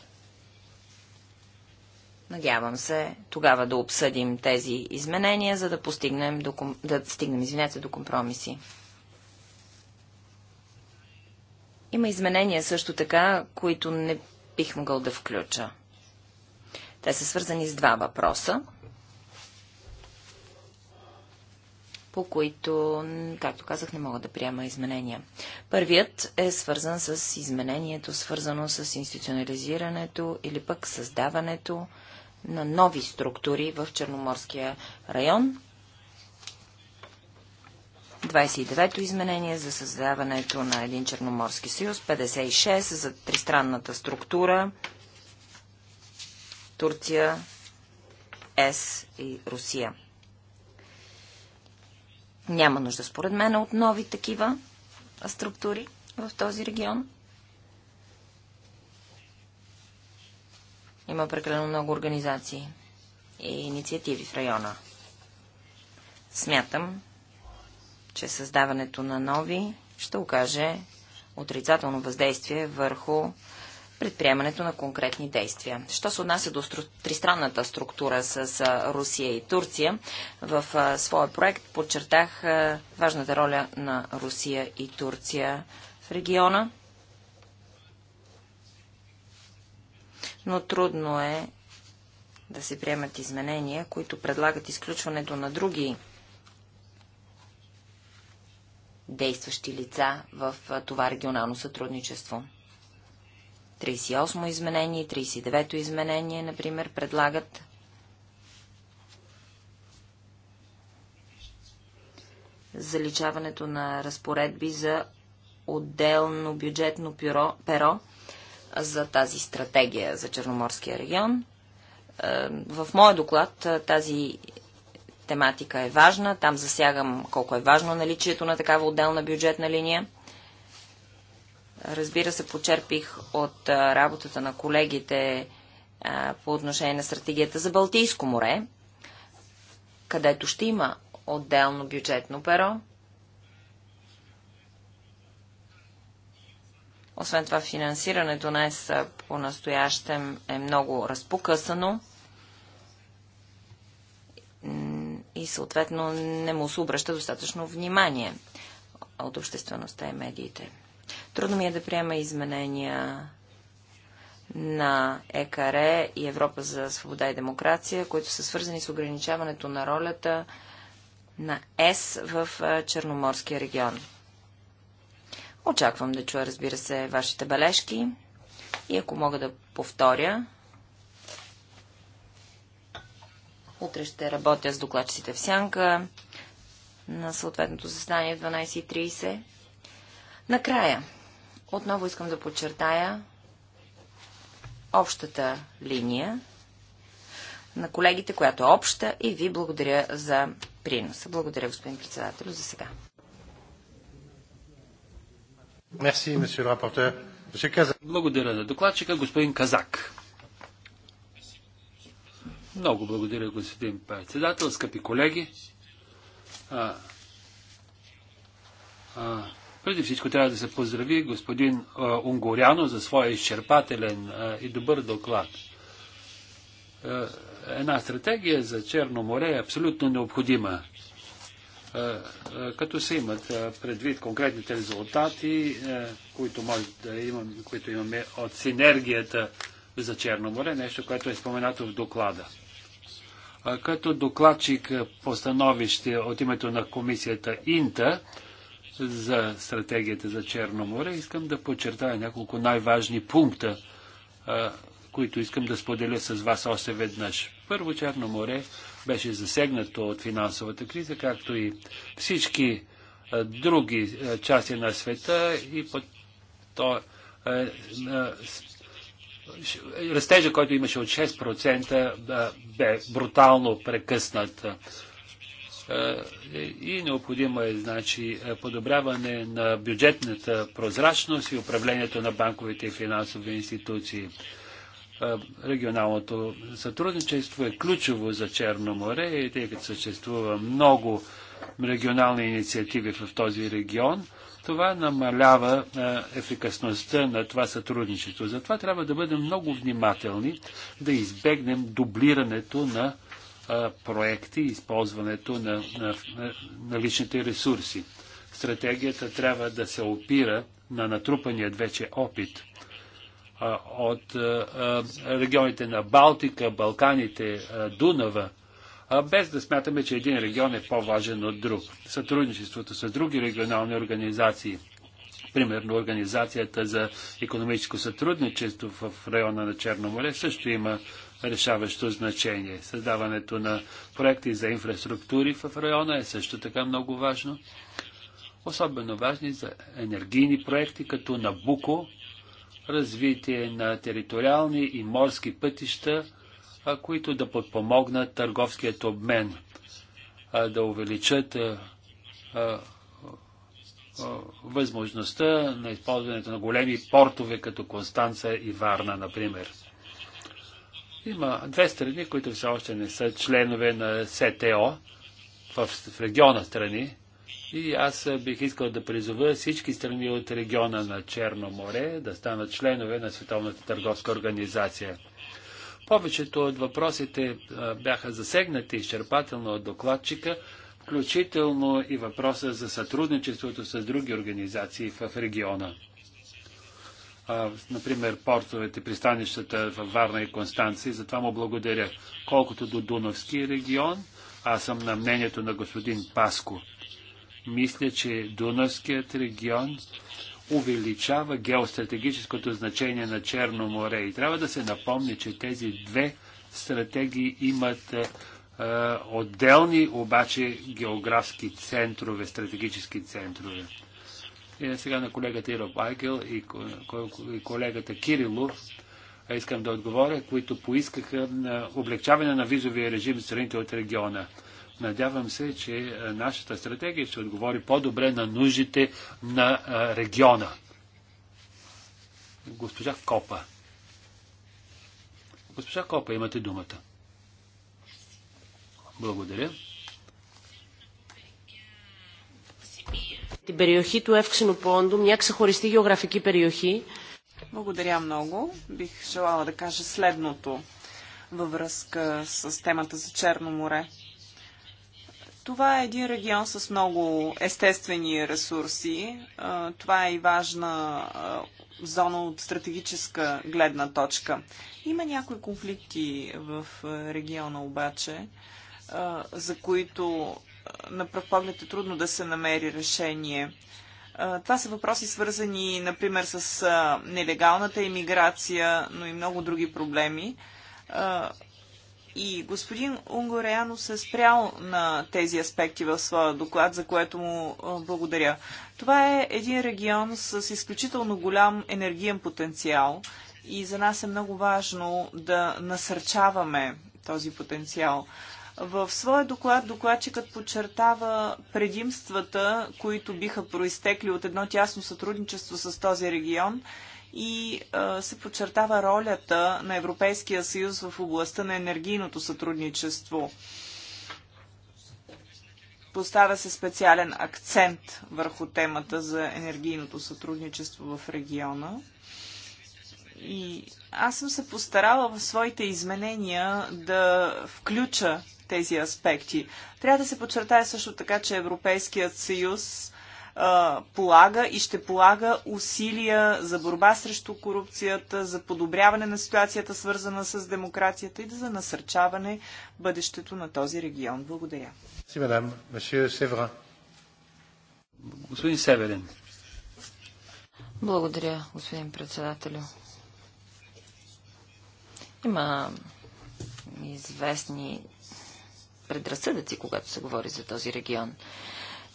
Надявам се тогава да обсъдим тези изменения, за да постигнем до, да стигнем извинете, до компромиси. Има изменения също така, които не бих могъл да включа. Те са свързани с два въпроса, по които, както казах, не мога да приема изменения. Първият е свързан с изменението, свързано с институционализирането или пък създаването на нови структури в Черноморския район. 29-то изменение за създаването на един Черноморски съюз, 56 за тристранната структура Турция, ЕС и Русия. Няма нужда, според мен, от нови такива структури в този регион. Има прекалено много организации и инициативи в района. Смятам, че създаването на нови ще окаже отрицателно въздействие върху предприемането на конкретни действия. Що се отнася до стру... тристранната структура с Русия и Турция, в своя проект подчертах важната роля на Русия и Турция в региона но трудно е да се приемат изменения, които предлагат изключването на други действащи лица в това регионално сътрудничество. 38-о изменение и 39 о изменение, например, предлагат заличаването на разпоредби за отделно бюджетно пюро, перо за тази стратегия за Черноморския регион. Е, в моя доклад е, тази тематика е важна. Там засягам колко е важно наличието на такава отделна бюджетна линия. Разбира се, почерпих от е, работата на колегите по отношение на стратегията за Балтийско море, където ще има отделно бюджетно перо Освен това, финансирането днес по-настоящем е много разпокъсано и съответно не му се обръща достатъчно внимание от обществеността и медиите. Трудно ми е да приема изменения на ЕКАРЕ и Европа за свобода и демокрация, които са свързани с ограничаването на ролята на ЕС в Черноморския регион. Очаквам да чуя, разбира се, вашите бележки и ако мога да повторя, утре ще работя с докладчиците в сянка на съответното заседание в 12.30. Накрая, отново искам да подчертая общата линия на колегите, която е обща и ви благодаря за приноса. Благодаря, господин председател, за сега. Благодаря за докладчика, господин Казак. Много благодаря, господин председател, скъпи колеги. А, а, преди всичко трябва да се поздрави господин а, Унгоряно за своя изчерпателен а, и добър доклад. А, една стратегия за Черно море е абсолютно необходима. Е, е, като се имат е, предвид конкретните резултати, които, може да имам, които имаме от синергията за Черно море, нещо, което е споменато в доклада. Като докладчик по становище от името на комисията Инта за стратегията за Черно море, искам да подчертая няколко най-важни пункта които искам да споделя с вас още веднъж. Първо, Черно море беше засегнато от финансовата криза, както и всички други части на света и по то, растежа, който имаше от 6%, бе брутално прекъснат. И необходимо е значи, подобряване на бюджетната прозрачност и управлението на банковите и финансови институции регионалното сътрудничество е ключово за Черно море и тъй като съществува много регионални инициативи в този регион, това намалява ефикасността на това сътрудничество. Затова трябва да бъдем много внимателни да избегнем дублирането на проекти, използването на, на, на личните ресурси. Стратегията трябва да се опира на натрупаният вече опит – от регионите на Балтика, Балканите, Дунава, без да смятаме, че един регион е по-важен от друг. Сътрудничеството с други регионални организации, примерно Организацията за економическо сътрудничество в района на Черно море, също има решаващо значение. Създаването на проекти за инфраструктури в района е също така много важно. Особено важни за енергийни проекти, като Набуко, развитие на териториални и морски пътища, които да подпомогнат търговският обмен, да увеличат възможността на използването на големи портове, като Констанца и Варна, например. Има две страни, които все още не са членове на СТО в региона страни, и аз бих искал да призова всички страни от региона на Черно море да станат членове на Световната търговска организация. Повечето от въпросите бяха засегнати изчерпателно от докладчика, включително и въпроса за сътрудничеството с други организации в региона. например, портовете, пристанищата в Варна и Констанция. Затова му благодаря. Колкото до Дуновски регион, аз съм на мнението на господин Паско. Мисля, че Дунавският регион увеличава геостратегическото значение на Черно море. И трябва да се напомни, че тези две стратегии имат е, отделни обаче географски центрове, стратегически центрове. И е, сега на колегата Иро Пайкел и колегата Кирилов е, искам да отговоря, които поискаха на е, облегчаване на визовия режим в страните от региона. Надявам се, че нашата стратегия ще отговори по-добре на нуждите на региона. Госпожа Копа. Госпожа Копа, имате думата. Благодаря. Την е в Εύξηνου Πόντου, μια ξεχωριστή γεωγραφική Благодаря много. Бих желала да кажа следното във връзка с темата за Черно море. Това е един регион с много естествени ресурси. Това е и важна зона от стратегическа гледна точка. Има някои конфликти в региона обаче, за които на пръв поглед е трудно да се намери решение. Това са въпроси свързани, например, с нелегалната иммиграция, но и много други проблеми и господин Унгоряно се е спрял на тези аспекти в своя доклад, за което му благодаря. Това е един регион с изключително голям енергиен потенциал и за нас е много важно да насърчаваме този потенциал. В своя доклад докладчикът подчертава предимствата, които биха проистекли от едно тясно сътрудничество с този регион – и а, се подчертава ролята на Европейския съюз в областта на енергийното сътрудничество. Поставя се специален акцент върху темата за енергийното сътрудничество в региона. И аз съм се постарала в своите изменения да включа тези аспекти. Трябва да се подчертая също така, че Европейският съюз а, полага и ще полага усилия за борба срещу корупцията, за подобряване на ситуацията, свързана с демокрацията и за насърчаване бъдещето на този регион. Благодаря. Господин Северин. Благодаря, господин председателю. Има известни предразсъдъци, когато се говори за този регион.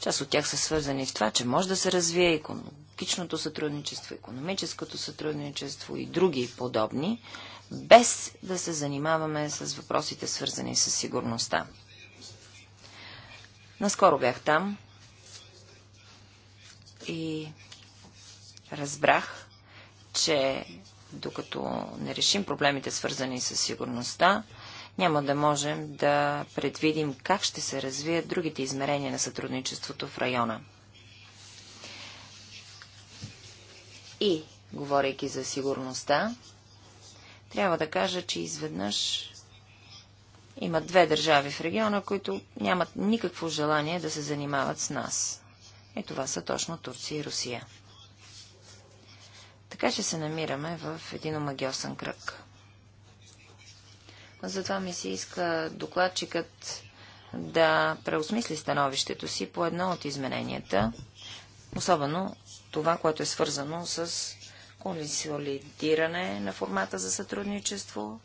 Част от тях са свързани с това, че може да се развие економичното сътрудничество, економическото сътрудничество и други подобни, без да се занимаваме с въпросите свързани с сигурността. Наскоро бях там и разбрах, че докато не решим проблемите свързани с сигурността, няма да можем да предвидим как ще се развият другите измерения на сътрудничеството в района. И, говорейки за сигурността, трябва да кажа, че изведнъж има две държави в региона, които нямат никакво желание да се занимават с нас. И това са точно Турция и Русия. Така че се намираме в един омагиосен кръг. Затова ми се иска докладчикът да преосмисли становището си по едно от измененията, особено това, което е свързано с консолидиране на формата за сътрудничество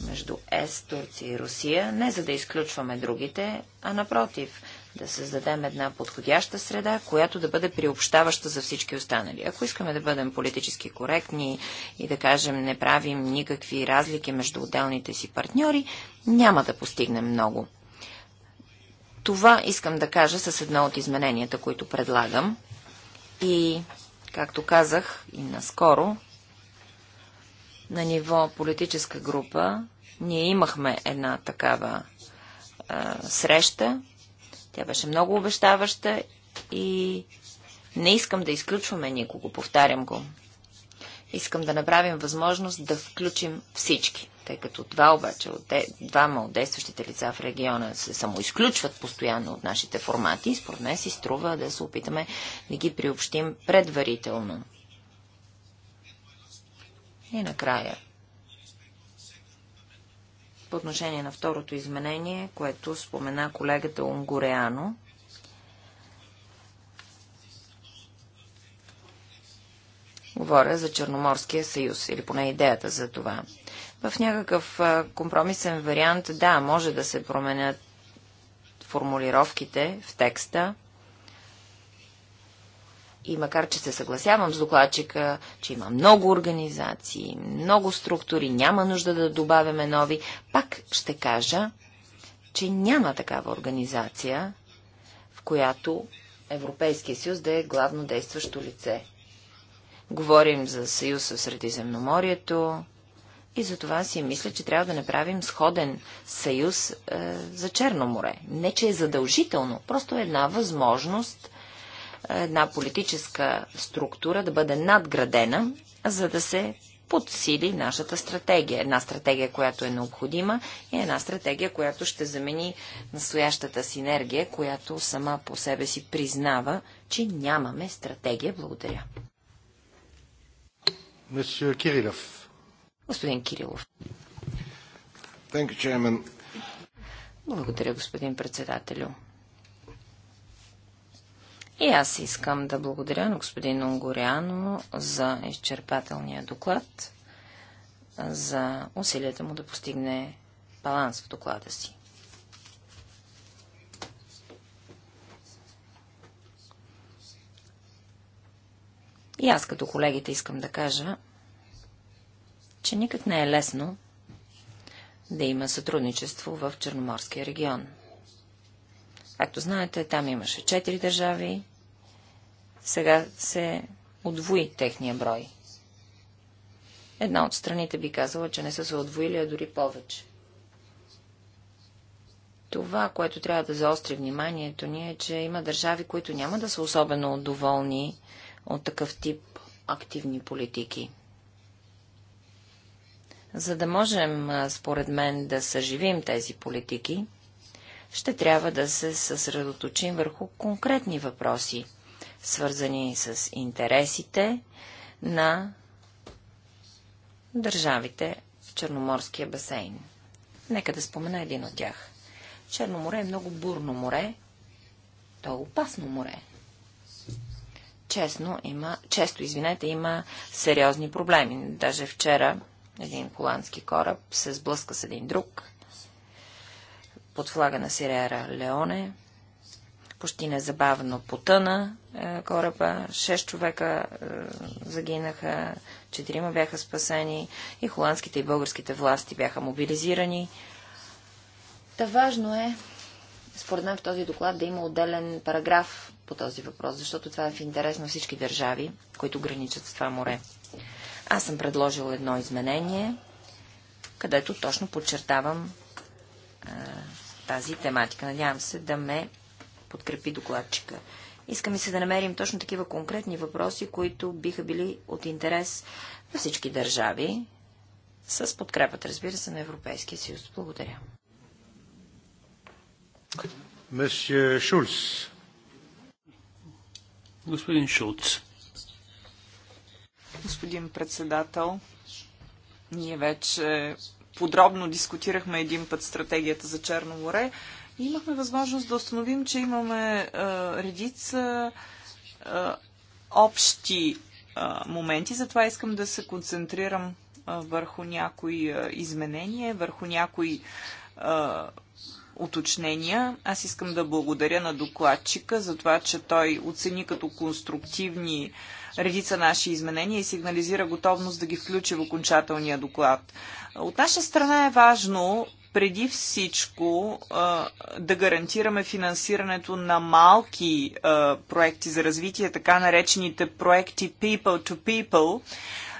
между ЕС, Турция и Русия, не за да изключваме другите, а напротив, да създадем една подходяща среда, която да бъде приобщаваща за всички останали. Ако искаме да бъдем политически коректни и да кажем не правим никакви разлики между отделните си партньори, няма да постигнем много. Това искам да кажа с едно от измененията, които предлагам. И, както казах и наскоро, на ниво политическа група ние имахме една такава а, среща тя беше много обещаваща и не искам да изключваме никого, повтарям го. Искам да направим възможност да включим всички, тъй като два обаче, от де, двама от действащите лица в региона се самоизключват постоянно от нашите формати. Според мен си струва да се опитаме да ги приобщим предварително. И накрая, отношение на второто изменение, което спомена колегата Унгореано, Говоря за Черноморския съюз, или поне идеята за това. В някакъв компромисен вариант, да, може да се променят формулировките в текста, и макар, че се съгласявам с докладчика, че има много организации, много структури, няма нужда да добавяме нови, пак ще кажа, че няма такава организация, в която Европейския съюз да е главно действащо лице. Говорим за съюз в Средиземноморието и за това си мисля, че трябва да направим сходен съюз е, за Черно море. Не, че е задължително, просто е една възможност – една политическа структура да бъде надградена, за да се подсили нашата стратегия. Една стратегия, която е необходима и една стратегия, която ще замени настоящата синергия, която сама по себе си признава, че нямаме стратегия. Благодаря. Кирилов. Господин Кирилов. You, Благодаря, господин председателю. И аз искам да благодаря на господин Унгоряно за изчерпателния доклад, за усилията му да постигне баланс в доклада си. И аз като колегите искам да кажа, че никак не е лесно да има сътрудничество в Черноморския регион – Както знаете, там имаше четири държави. Сега се отвои техния брой. Една от страните би казала, че не са се отвоили, а дори повече. Това, което трябва да заостри вниманието ни е, че има държави, които няма да са особено доволни от такъв тип активни политики. За да можем, според мен, да съживим тези политики, ще трябва да се съсредоточим върху конкретни въпроси, свързани с интересите на държавите в Черноморския басейн. Нека да спомена един от тях. Черно море е много бурно море. То е опасно море. Честно има, често, извинете, има сериозни проблеми. Даже вчера един холандски кораб се сблъска с един друг под флага на Сирера Леоне. Почти незабавно потъна е, кораба. Шест човека е, загинаха, четирима бяха спасени и холандските и българските власти бяха мобилизирани. Та важно е, според мен в този доклад, да има отделен параграф по този въпрос, защото това е в интерес на всички държави, които граничат с това море. Аз съм предложил едно изменение, където точно подчертавам е, тази тематика. Надявам се да ме подкрепи докладчика. Иска ми се да намерим точно такива конкретни въпроси, които биха били от интерес на всички държави, с подкрепата, разбира се, на Европейския съюз. Благодаря. Месье Шулц. Господин Шулц. Господин председател, ние вече подробно дискутирахме един път стратегията за Черно море и имахме възможност да установим, че имаме а, е, редица а, е, общи а, е, моменти, затова искам да се концентрирам а, върху някои а, изменения, върху някои а, уточнения. Аз искам да благодаря на докладчика за това, че той оцени като конструктивни а, редица наши изменения и сигнализира готовност да ги включи в окончателния доклад. От наша страна е важно преди всичко да гарантираме финансирането на малки проекти за развитие, така наречените проекти People to People,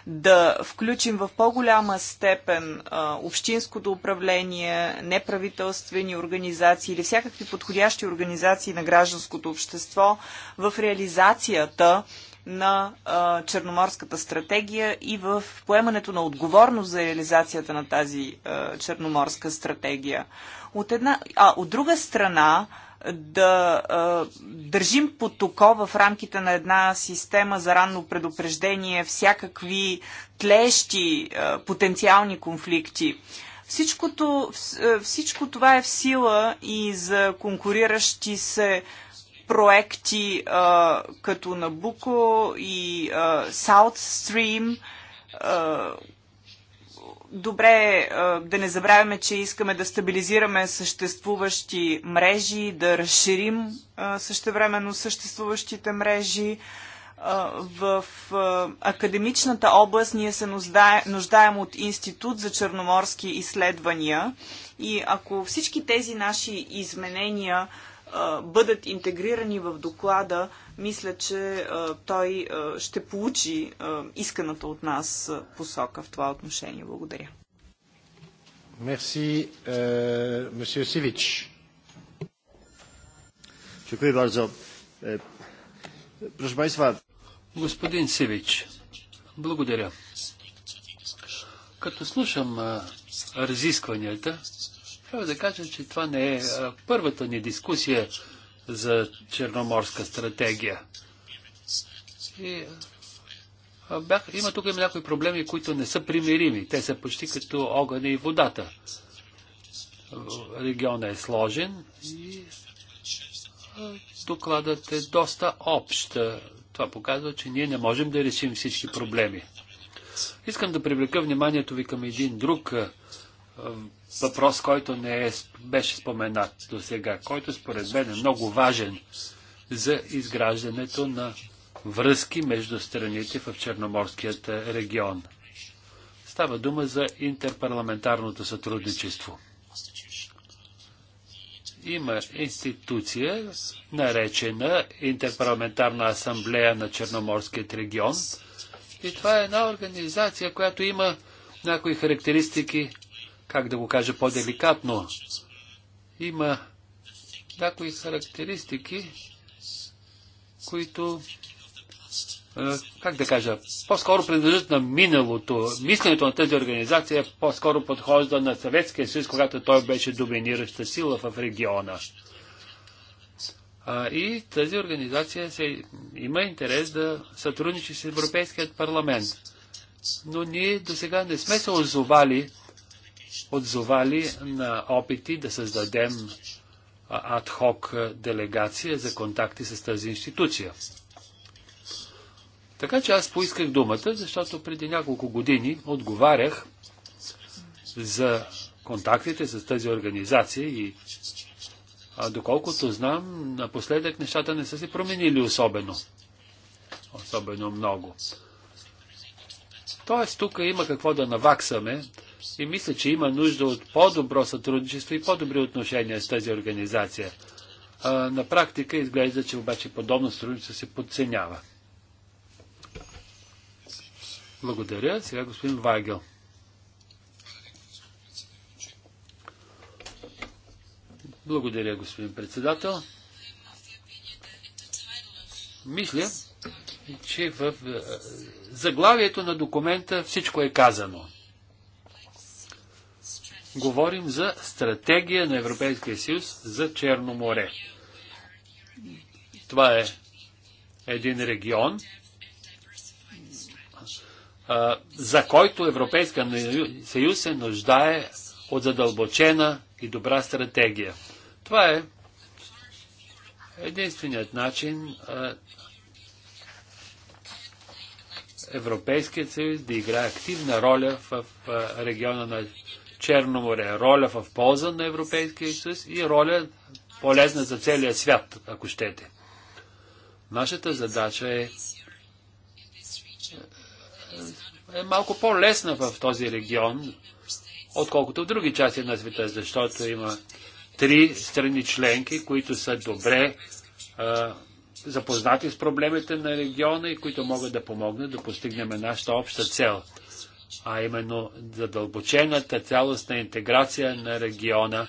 да включим в по-голяма степен а, общинското управление, неправителствени организации или всякакви подходящи организации на гражданското общество в реализацията на а, Черноморската стратегия и в поемането на отговорност за реализацията на тази а, Черноморска стратегия. От, една, а, от друга страна, да а, държим потоко в рамките на една система за ранно предупреждение всякакви тлещи а, потенциални конфликти. Всичкото, всичко това е в сила и за конкуриращи се проекти а, като Набуко и а, South Stream. А, добре а, да не забравяме, че искаме да стабилизираме съществуващи мрежи, да разширим а, същевременно съществуващите мрежи. В академичната област ние се нуждаем от Институт за черноморски изследвания и ако всички тези наши изменения бъдат интегрирани в доклада, мисля, че той ще получи исканата от нас посока в това отношение. Благодаря. Мерси, месье Сивич. Dziękuję bardzo. E, proszę Państwa. Господин Сивич, благодаря. Като слушам разискванията, трябва да кажа, че това не е първата ни дискусия за Черноморска стратегия. И, а, бях, има тук има някои проблеми, които не са примирими. Те са почти като огъня и водата. Регионът е сложен и а, докладът е доста общ. Това показва, че ние не можем да решим всички проблеми. Искам да привлека вниманието ви към един друг въпрос, който не е, беше споменат до сега, който според мен е много важен за изграждането на връзки между страните в Черноморският регион. Става дума за интерпарламентарното сътрудничество. Има институция, наречена Интерпарламентарна асамблея на Черноморският регион. И това е една организация, която има някои характеристики, как да го кажа по-деликатно, има някои характеристики, които, как да кажа, по-скоро принадлежат на миналото. Мисленето на тази организация по-скоро подхожда на Съветския съюз, когато той беше доминираща сила в региона. и тази организация се, има интерес да сътрудничи с Европейският парламент. Но ние до сега не сме се озовали отзовали на опити да създадем адхок делегация за контакти с тази институция. Така че аз поисках думата, защото преди няколко години отговарях за контактите с тази организация и а, доколкото знам, напоследък нещата не са се променили особено. Особено много. Тоест, тук има какво да наваксаме, и мисля, че има нужда от по-добро сътрудничество и по-добри отношения с тази организация. А, на практика изглежда, че обаче подобно сътрудничество се подценява. Благодаря. Сега господин Вагел. Благодаря, господин председател. Мисля, че в заглавието на документа всичко е казано говорим за стратегия на Европейския съюз за Черно море. Това е един регион, за който Европейска съюз се нуждае от задълбочена и добра стратегия. Това е единственият начин Европейският съюз да играе активна роля в региона на Черно море. Е роля в полза на Европейския съюз и роля полезна за целия свят, ако щете. Нашата задача е, е малко по-лесна в този регион, отколкото в други части на света, защото има три страни членки, които са добре а, запознати с проблемите на региона и които могат да помогнат да постигнем нашата обща цел – а именно задълбочената цялостна интеграция на региона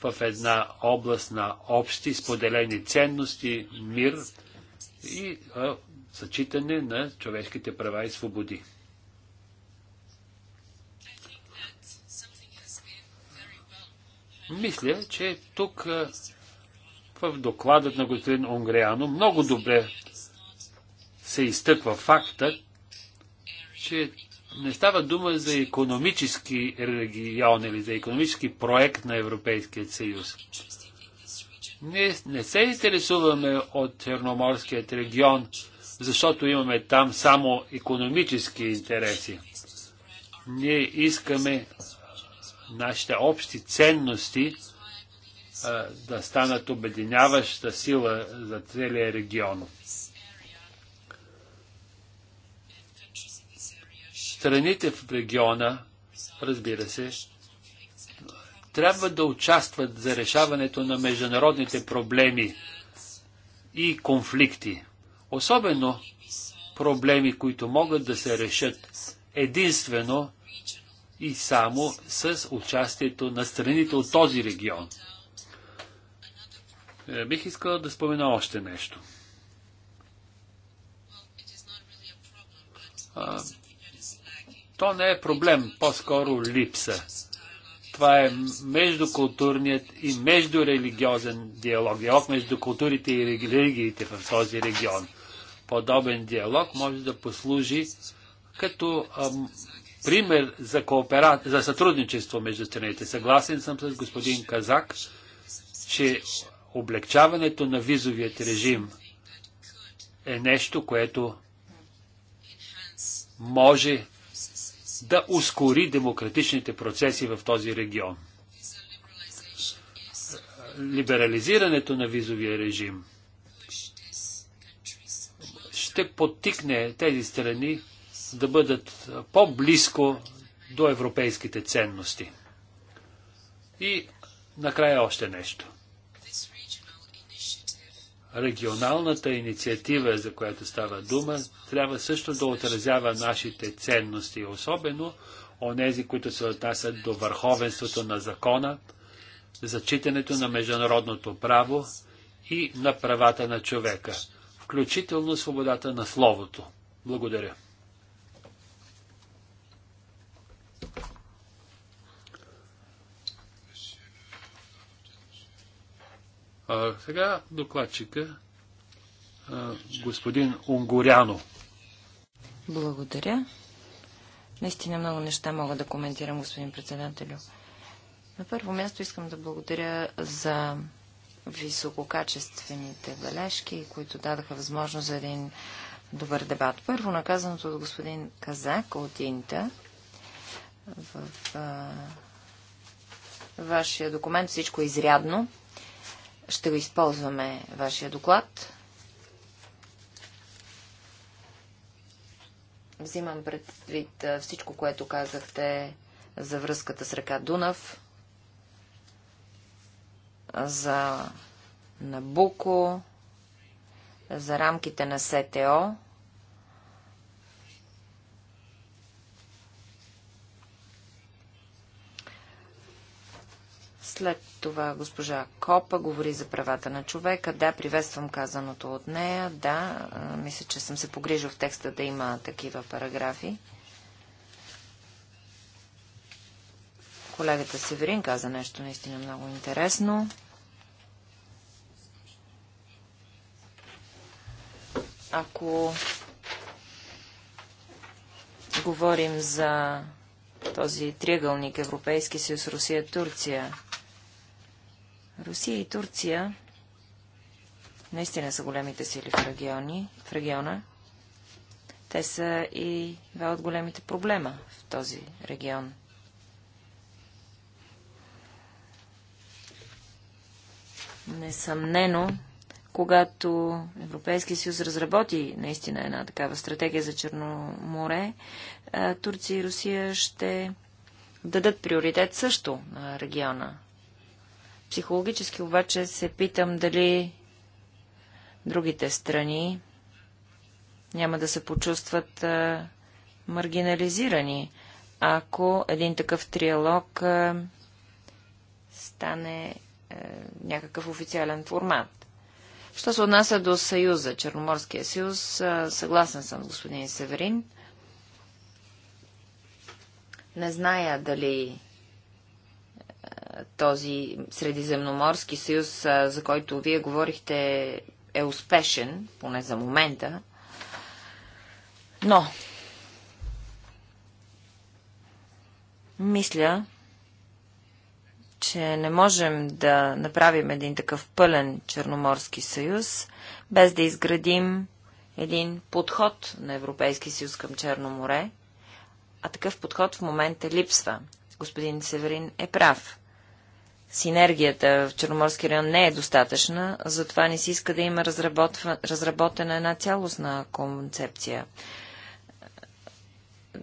в една област на общи споделени ценности, мир и съчитане на човешките права и свободи. Мисля, че тук в докладът на господин Унгреано много добре се изтъква факта, че не става дума за економически регион или за економически проект на Европейския съюз. Ние не се интересуваме от Черноморският регион, защото имаме там само економически интереси. Ние искаме нашите общи ценности а, да станат обединяваща сила за целия регион. страните в региона, разбира се, трябва да участват за решаването на международните проблеми и конфликти. Особено проблеми, които могат да се решат единствено и само с участието на страните от този регион. Е, бих искал да спомена още нещо. То не е проблем, по-скоро липса. Това е междукултурният и междурелигиозен диалог, диалог между културите и религиите в този регион. Подобен диалог може да послужи като ам, пример за, коопера... за сътрудничество между страните. Съгласен съм с господин Казак, че облегчаването на визовият режим е нещо, което може да ускори демократичните процеси в този регион. Либерализирането на визовия режим ще подтикне тези страни да бъдат по-близко до европейските ценности. И накрая още нещо регионалната инициатива, за която става дума, трябва също да отразява нашите ценности, особено онези, които се отнасят до върховенството на закона, зачитането на международното право и на правата на човека, включително свободата на словото. Благодаря. А, сега докладчика а, господин Унгоряно. Благодаря. Наистина много неща мога да коментирам, господин председателю. На първо място искам да благодаря за висококачествените бележки, които дадаха възможност за един добър дебат. Първо наказаното от господин Казак от Инта в а, вашия документ всичко е изрядно. Ще го използваме вашия доклад. Взимам предвид всичко, което казахте за връзката с река Дунав, за Набуко, за рамките на СТО След това госпожа Копа говори за правата на човека. Да, приветствам казаното от нея. Да, мисля, че съм се погрижил в текста да има такива параграфи. Колегата Северин каза нещо наистина много интересно. Ако говорим за този триъгълник Европейски съюз, Русия, Турция, Русия и Турция наистина са големите сили в, региони, в региона. Те са и два от големите проблема в този регион. Несъмнено, когато Европейския съюз разработи наистина една такава стратегия за Черноморе, Турция и Русия ще дадат приоритет също на региона Психологически обаче се питам дали другите страни няма да се почувстват а, маргинализирани, ако един такъв триалог а, стане а, някакъв официален формат. Що се отнася до Съюза, Черноморския съюз, а, съгласен съм с господин Северин. Не зная дали този Средиземноморски съюз, за който вие говорихте, е успешен, поне за момента. Но, мисля, че не можем да направим един такъв пълен Черноморски съюз, без да изградим един подход на Европейски съюз към Черно море, а такъв подход в момента липсва. Господин Северин е прав синергията в Черноморски район не е достатъчна, затова не си иска да има разработена една цялостна концепция.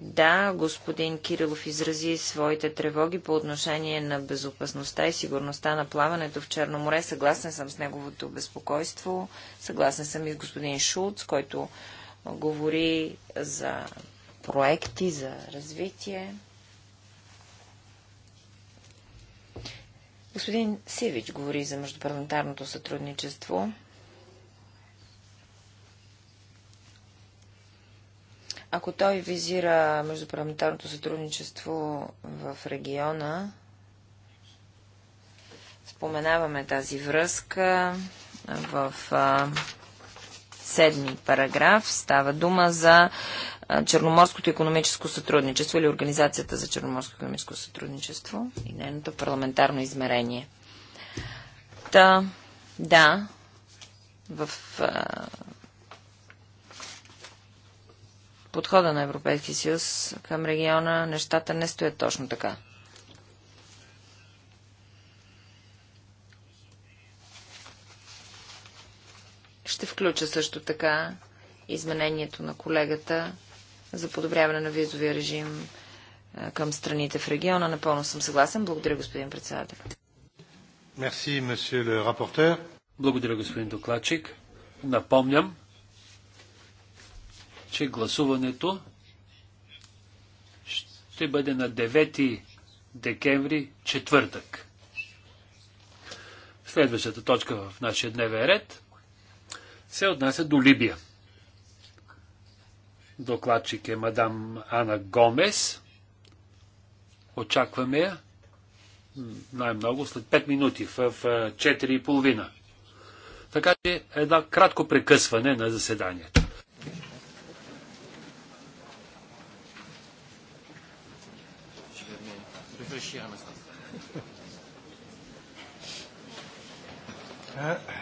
Да, господин Кирилов изрази своите тревоги по отношение на безопасността и сигурността на плаването в Черно море. Съгласен съм с неговото безпокойство. Съгласен съм и с господин Шулц, който говори за проекти, за развитие. Господин Сивич говори за междупарламентарното сътрудничество. Ако той визира междупарламентарното сътрудничество в региона, споменаваме тази връзка в седми параграф. Става дума за Черноморското економическо сътрудничество или Организацията за Черноморско економическо сътрудничество и нейното парламентарно измерение. Та, да, в а, подхода на Европейския съюз към региона нещата не стоят точно така. Ще включа също така изменението на колегата за подобряване на визовия режим към страните в региона. Напълно съм съгласен. Благодаря, господин председател. Merci, месье Благодаря, господин докладчик. Напомням, че гласуването ще бъде на 9 декември, четвъртък. Следващата точка в нашия дневен ред се отнася до Либия. Докладчик е мадам Ана Гомес. Очакваме я най-много след 5 минути в 4.30. Е, така че едно кратко прекъсване на заседанието. Yeah.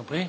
Добре.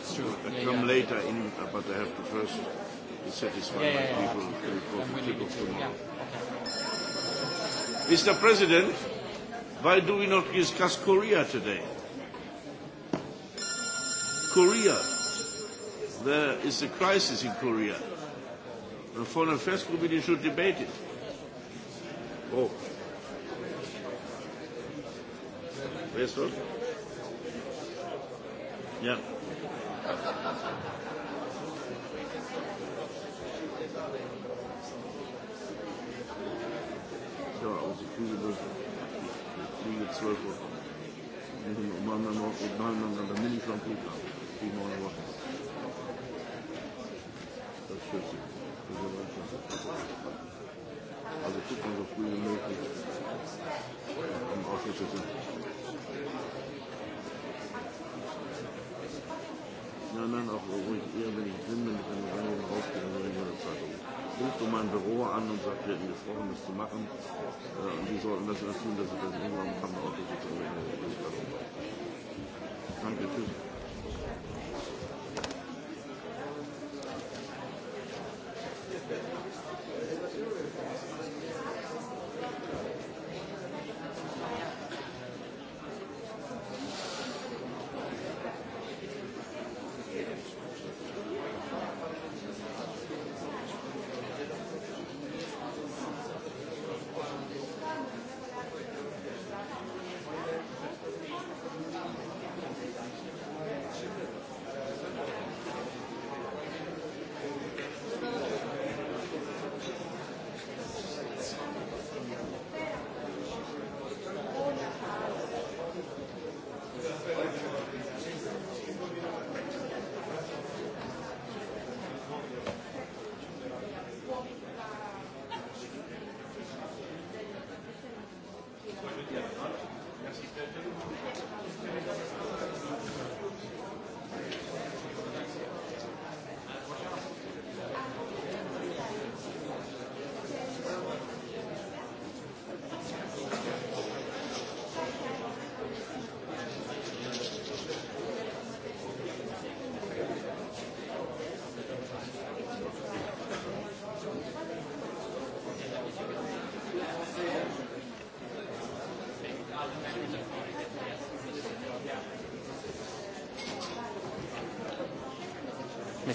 That's true. They yeah, come yeah. later in, but they have to first be satisfied yeah, yeah, my people yeah. before the people tomorrow. Yeah. Okay. Mr. President, why do we not discuss Korea today? Korea. There is a crisis in Korea. The Foreign Affairs Committee should debate it. Oh. Yes, sir. Yeah. Ja, aber sie kriegen das, ich fliege zwölf Uhr. Mit dem Oman dann noch, Männern auch ruhig eher, wenn ich bin, wenn ich rein rausgehe, dann ich meine Zeitung. Rufst du mein Büro an und sagt, wir hätten gesprochen, das zu machen. Äh, und die sollten das tun, dass ich das irgendwann kann, auch das zu Danke, tschüss.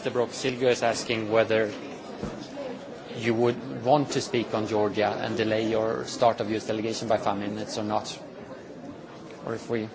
Mr. Brock Silvio is asking whether you would want to speak on Georgia and delay your start of US delegation by five minutes or not, or if we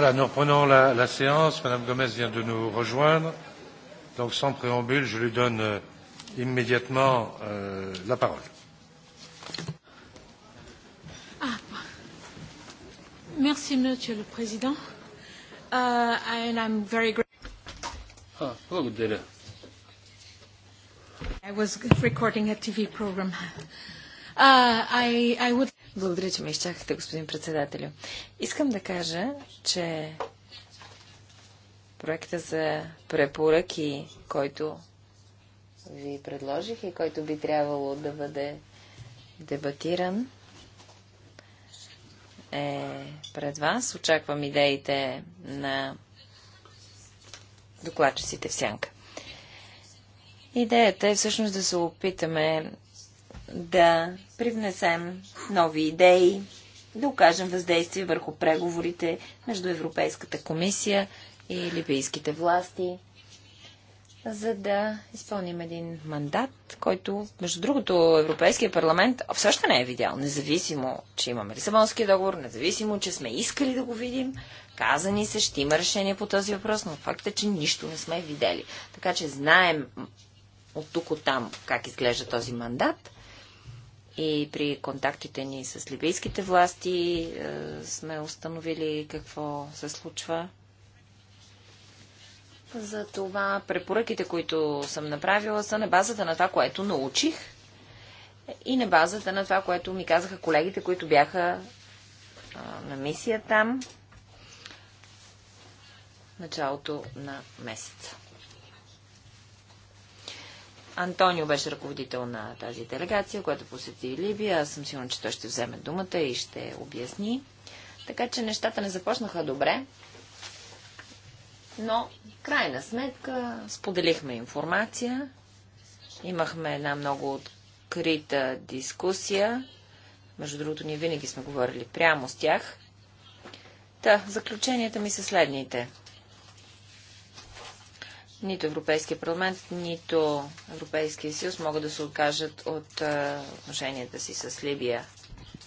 Voilà, nous reprenons la, la séance. Madame Gomez vient de nous rejoindre. Donc, sans préambule, je lui donne euh, immédiatement euh, la parole. Ah. Merci, Monsieur le Président. Uh, and I'm very ah, благодаря. I was recording a TV program. Uh, I, I would... Благодаря, че ме изчакахте, господин председателю. Искам да кажа, че проекта за препоръки, който ви предложих и който би трябвало да бъде дебатиран, е пред вас. Очаквам идеите на докладчиците в сянка. Идеята е всъщност да се опитаме да привнесем нови идеи, да окажем въздействие върху преговорите между Европейската комисия и либийските власти, за да изпълним един мандат, който, между другото, Европейския парламент все още не е видял, независимо, че имаме Лисабонския договор, независимо, че сме искали да го видим, Казани се, ще има решение по този въпрос, но факт е, че нищо не сме видели. Така че знаем от тук от там как изглежда този мандат и при контактите ни с либийските власти е, сме установили какво се случва. За това препоръките, които съм направила, са на базата на това, което научих и на базата на това, което ми казаха колегите, които бяха е, на мисия там началото на месеца. Антонио беше ръководител на тази делегация, която посети Либия. Аз съм сигурна, че той ще вземе думата и ще обясни. Така че нещата не започнаха добре. Но, крайна сметка, споделихме информация. Имахме една много открита дискусия. Между другото, ние винаги сме говорили прямо с тях. Та, заключенията ми са следните. Нито Европейския парламент, нито Европейския съюз могат да се откажат от отношенията си с Либия.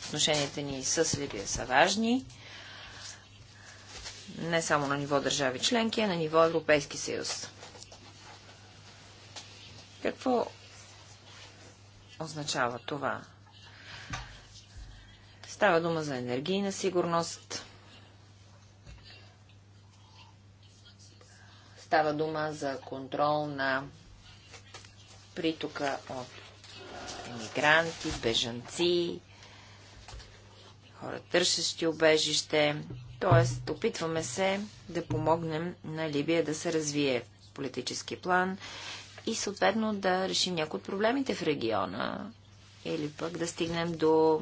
Отношенията ни с Либия са важни не само на ниво държави членки, а на ниво Европейски съюз. Какво означава това? Става дума за енергийна сигурност, Става дума за контрол на притока от иммигранти, бежанци, хора търсещи обежище. Тоест, опитваме се да помогнем на Либия да се развие политически план и съответно да решим някои от проблемите в региона или пък да стигнем до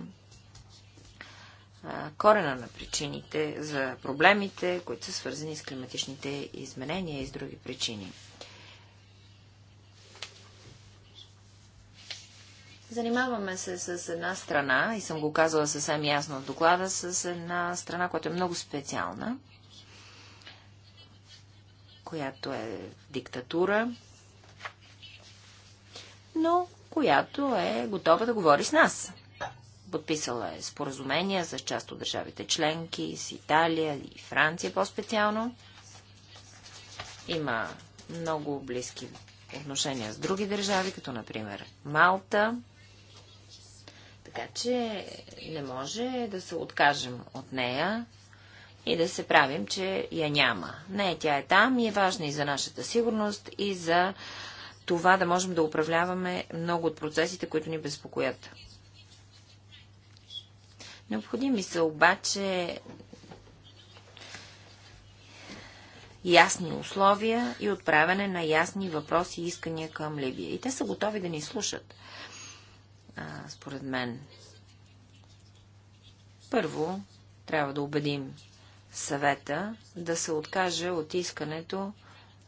корена на причините за проблемите, които са свързани с климатичните изменения и с други причини. Занимаваме се с една страна, и съм го казала съвсем ясно в доклада, с една страна, която е много специална, която е диктатура, но която е готова да говори с нас. Подписала е споразумения за част от държавите членки, с Италия и Франция по-специално. Има много близки отношения с други държави, като например Малта. Така че не може да се откажем от нея и да се правим, че я няма. Не, тя е там и е важна и за нашата сигурност, и за това да можем да управляваме много от процесите, които ни безпокоят. Необходими са обаче ясни условия и отправяне на ясни въпроси и искания към Ливия. И те са готови да ни слушат, а, според мен. Първо, трябва да убедим съвета да се откаже от искането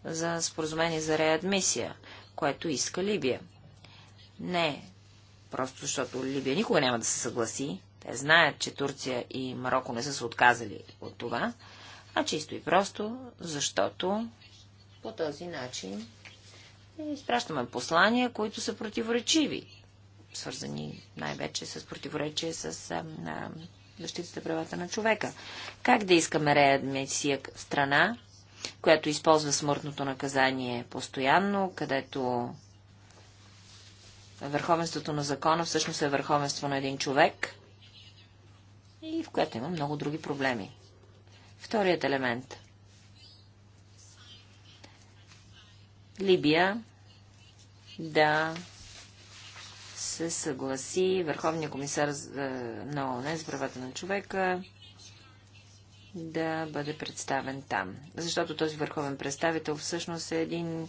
за споразумение за реадмисия, което иска Либия. Не, просто защото Либия никога няма да се съгласи те знаят, че Турция и Марокко не са се отказали от това, а чисто и просто, защото по този начин изпращаме послания, които са противоречиви, свързани най-вече с противоречие с а, а, защитата правата на човека. Как да искаме реадмисия страна, която използва смъртното наказание постоянно, където върховенството на закона всъщност е върховенство на един човек – и в която има много други проблеми. Вторият елемент. Либия да се съгласи Върховния комисар е, на ООН за правата на човека да бъде представен там. Защото този върховен представител всъщност е един,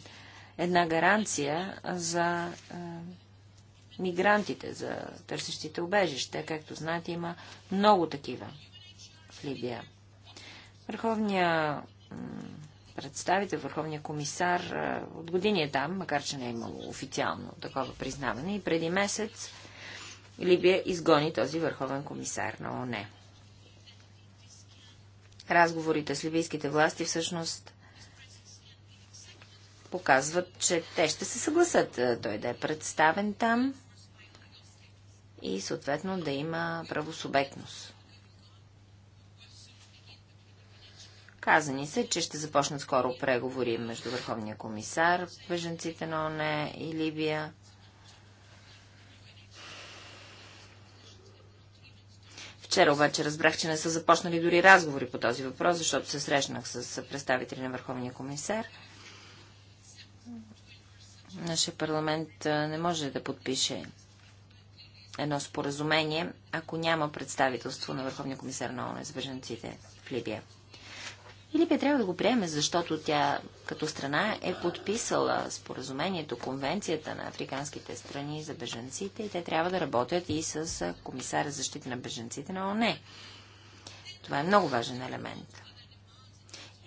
една гаранция за е, мигрантите, за търсещите убежище. Както знаете, има много такива в Либия. Върховният представител, върховния комисар от години е там, макар че не е имало официално такова признаване. И преди месец Либия изгони този върховен комисар на ОНЕ. Разговорите с либийските власти всъщност показват, че те ще се съгласат той е, да е представен там и съответно да има правосубектност. Казани се, че ще започнат скоро преговори между Върховния комисар, беженците на ОНЕ и Либия. Вчера обаче разбрах, че не са започнали дори разговори по този въпрос, защото се срещнах с представители на Върховния комисар – Нашия парламент не може да подпише едно споразумение, ако няма представителство на Върховния комисар на ООН за бежанците в Либия. И Либия трябва да го приеме, защото тя като страна е подписала споразумението, конвенцията на африканските страни за бежанците и те трябва да работят и с комисаря за защита на бежанците на ОНЕ. Това е много важен елемент.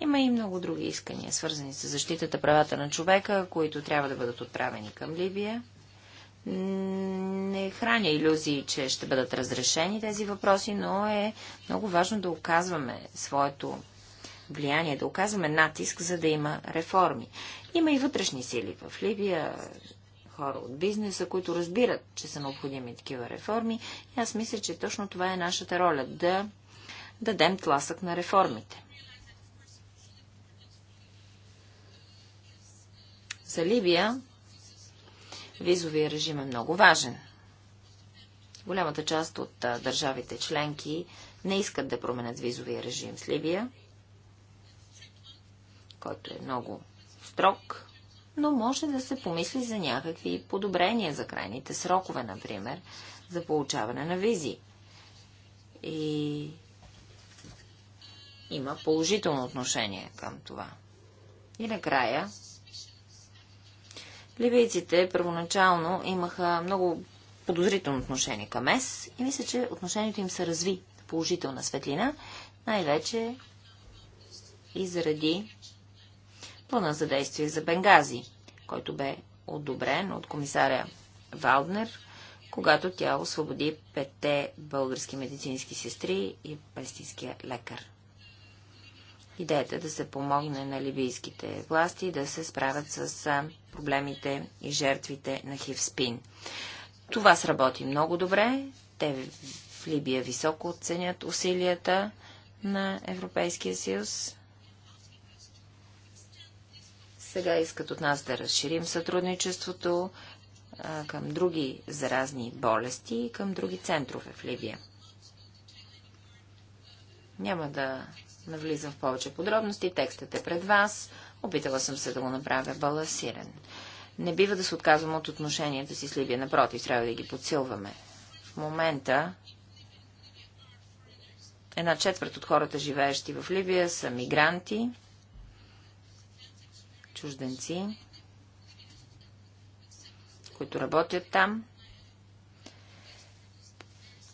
Има и много други искания, свързани с защитата правата на човека, които трябва да бъдат отправени към Либия. Не храня иллюзии, че ще бъдат разрешени тези въпроси, но е много важно да оказваме своето влияние, да оказваме натиск, за да има реформи. Има и вътрешни сили в Либия, хора от бизнеса, които разбират, че са необходими такива реформи. И аз мисля, че точно това е нашата роля да дадем тласък на реформите. за Либия, визовия режим е много важен. Голямата част от държавите членки не искат да променят визовия режим с Либия, който е много строг, но може да се помисли за някакви подобрения за крайните срокове, например, за получаване на визи. И има положително отношение към това. И накрая Ливийците първоначално имаха много подозрително отношение към ЕС и мисля, че отношението им се разви в положителна светлина, най-вече и заради плана за действие за Бенгази, който бе одобрен от комисаря Валднер, когато тя освободи петте български медицински сестри и палестинския лекар. Идеята е да се помогне на либийските власти да се справят с проблемите и жертвите на хивспин. Това сработи много добре. Те в Либия високо оценят усилията на Европейския съюз. Сега искат от нас да разширим сътрудничеството към други заразни болести и към други центрове в Либия. Няма да навлизам в повече подробности. Текстът е пред вас. Опитала съм се да го направя балансиран. Не бива да се отказвам от отношенията си с Либия. Напротив, трябва да ги подсилваме. В момента една четвърт от хората, живеещи в Либия, са мигранти, чужденци, които работят там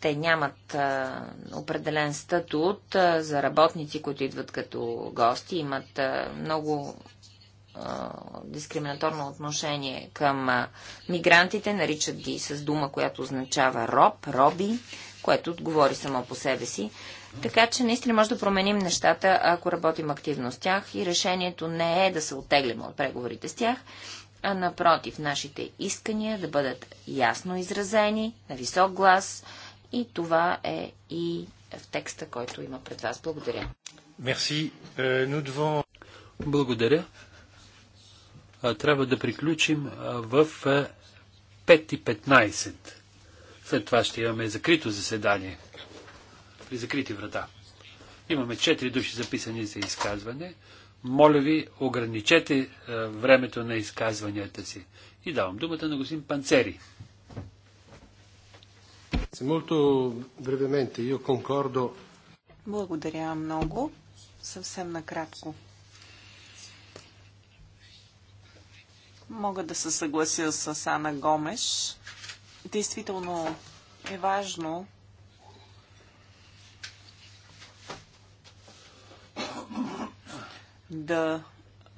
те нямат а, определен статут а, за работници, които идват като гости, имат а, много а, дискриминаторно отношение към а, мигрантите, наричат ги с дума, която означава роб, роби, което отговори само по себе си. Така че наистина може да променим нещата, ако работим активно с тях и решението не е да се оттеглим от преговорите с тях, а напротив, нашите искания да бъдат ясно изразени, на висок глас, и това е и в текста, който има пред вас. Благодаря. Мерси. Euh, Благодаря. Трябва да приключим в 5.15. След това ще имаме закрито заседание. При закрити врата. Имаме 4 души записани за изказване. Моля ви, ограничете времето на изказванията си. И давам думата на господин Панцери. Благодаря много. Съвсем накратко. Мога да се съглася с Ана Гомеш. Действително е важно да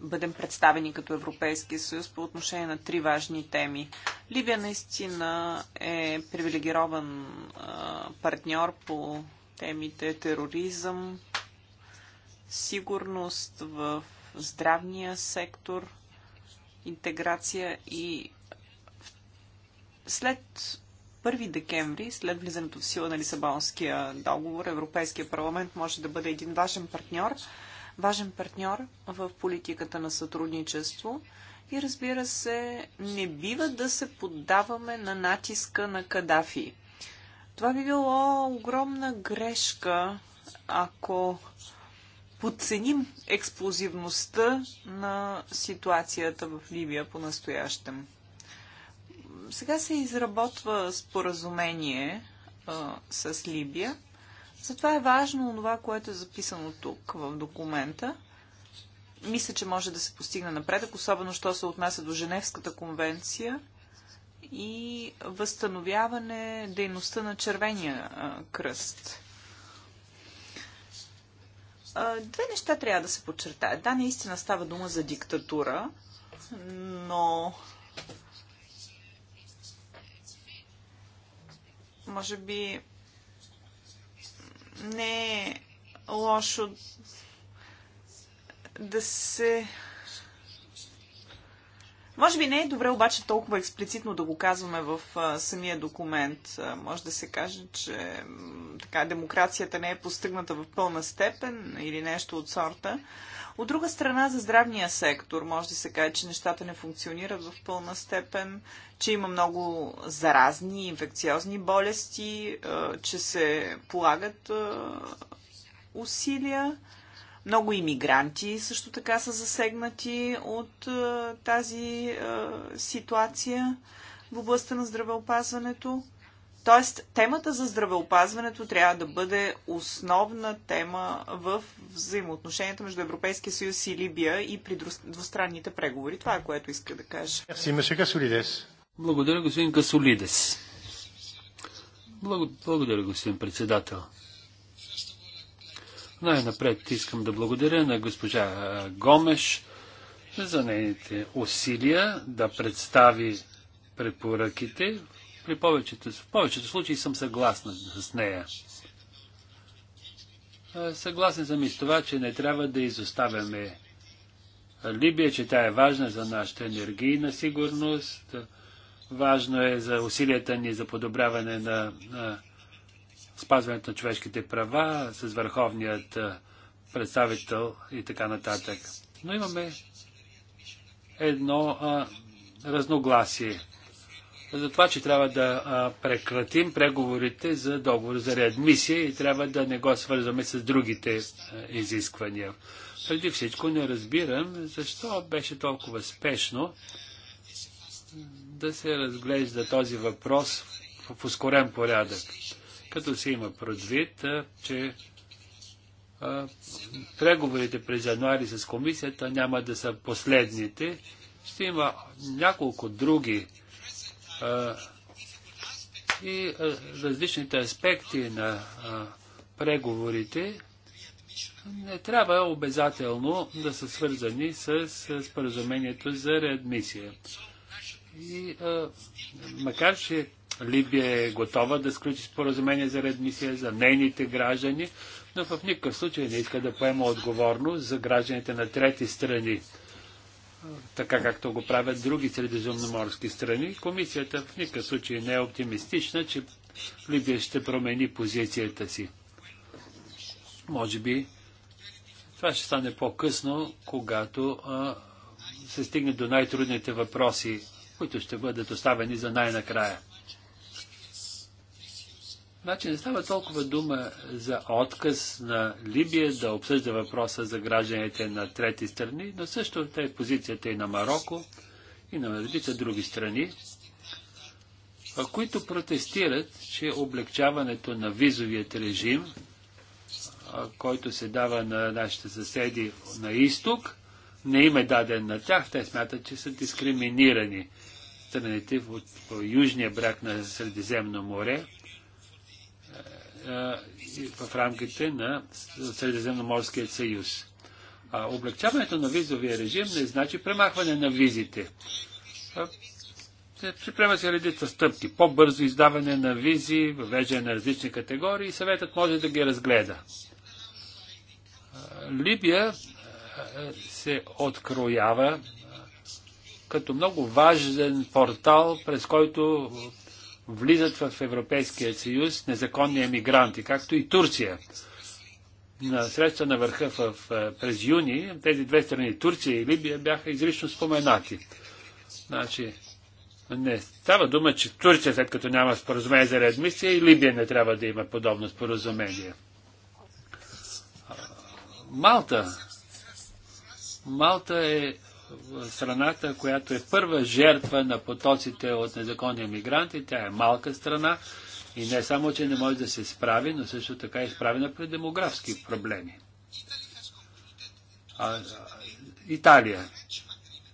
бъдем представени като Европейския съюз по отношение на три важни теми. Либия наистина е привилегирован партньор по темите тероризъм, сигурност в здравния сектор, интеграция и след 1 декември, след влизането в сила на Лисабонския договор, Европейския парламент може да бъде един важен партньор важен партньор в политиката на сътрудничество и разбира се, не бива да се поддаваме на натиска на Кадафи. Това би било огромна грешка, ако подценим експлозивността на ситуацията в Ливия по-настоящем. Сега се изработва споразумение а, с Либия затова е важно това, което е записано тук в документа. Мисля, че може да се постигне напредък, особено що се отнася до Женевската конвенция и възстановяване дейността на Червения кръст. Две неща трябва да се подчертаят. Да, наистина става дума за диктатура, но може би не е лошо да се може би не е добре обаче толкова експлицитно да го казваме в а, самия документ. А, може да се каже, че така, демокрацията не е постигната в пълна степен или нещо от сорта. От друга страна, за здравния сектор може да се каже, че нещата не функционират в пълна степен, че има много заразни, инфекциозни болести, а, че се полагат усилия много иммигранти също така са засегнати от е, тази е, ситуация в областта на здравеопазването. Тоест, темата за здравеопазването трябва да бъде основна тема в взаимоотношенията между Европейския съюз и Либия и при двустранните преговори. Това е което иска да кажа. Благодаря, господин Касолидес. Благодаря, господин председател. Най-напред искам да благодаря на госпожа Гомеш за нейните усилия да представи препоръките. При повечето, в повечето случаи съм съгласна с нея. Съгласен съм и с това, че не трябва да изоставяме Либия, че тя е важна за нашата енергийна сигурност, важно е за усилията ни за подобряване на, на спазването на човешките права, с върховният представител и така нататък. Но имаме едно а, разногласие за това, че трябва да а, прекратим преговорите за договор за реадмисия и трябва да не го свързваме с другите а, изисквания. Преди всичко не разбирам защо беше толкова спешно да се разглежда този въпрос в ускорен порядък като се има предвид, че преговорите през януари с комисията няма да са последните. Ще има няколко други а, и а, различните аспекти на преговорите не трябва обязателно да са свързани с споразумението за реадмисия. И а, макар, че Либия е готова да сключи споразумение за редмисия за нейните граждани, но в никакъв случай не иска да поема отговорност за гражданите на трети страни, така както го правят други средиземноморски страни. Комисията в никакъв случай не е оптимистична, че Либия ще промени позицията си. Може би това ще стане по-късно, когато а, се стигне до най-трудните въпроси, които ще бъдат оставени за най-накрая. Значи не става толкова дума за отказ на Либия да обсъжда въпроса за гражданите на трети страни, но също е позицията и на Марокко, и на редица други страни, които протестират, че облегчаването на визовият режим, който се дава на нашите съседи на изток, не им е даден на тях. Те смятат, че са дискриминирани страните от южния бряг на Средиземно море в рамките на Средиземноморския съюз. А облегчаването на визовия режим не значи премахване на визите. Приема се редица стъпки. По-бързо издаване на визи, въвеждане на различни категории и съветът може да ги разгледа. Либия се откроява като много важен портал, през който влизат в Европейския съюз незаконни емигранти, както и Турция. На среща на върха в, през юни тези две страни, Турция и Либия, бяха изрично споменати. Значи, не става дума, че Турция, след като няма споразумение за редмисия, и Либия не трябва да има подобно споразумение. Малта. Малта е страната, която е първа жертва на потоците от незаконни мигранти. Тя е малка страна и не само, че не може да се справи, но също така е изправена пред демографски проблеми. А, Италия.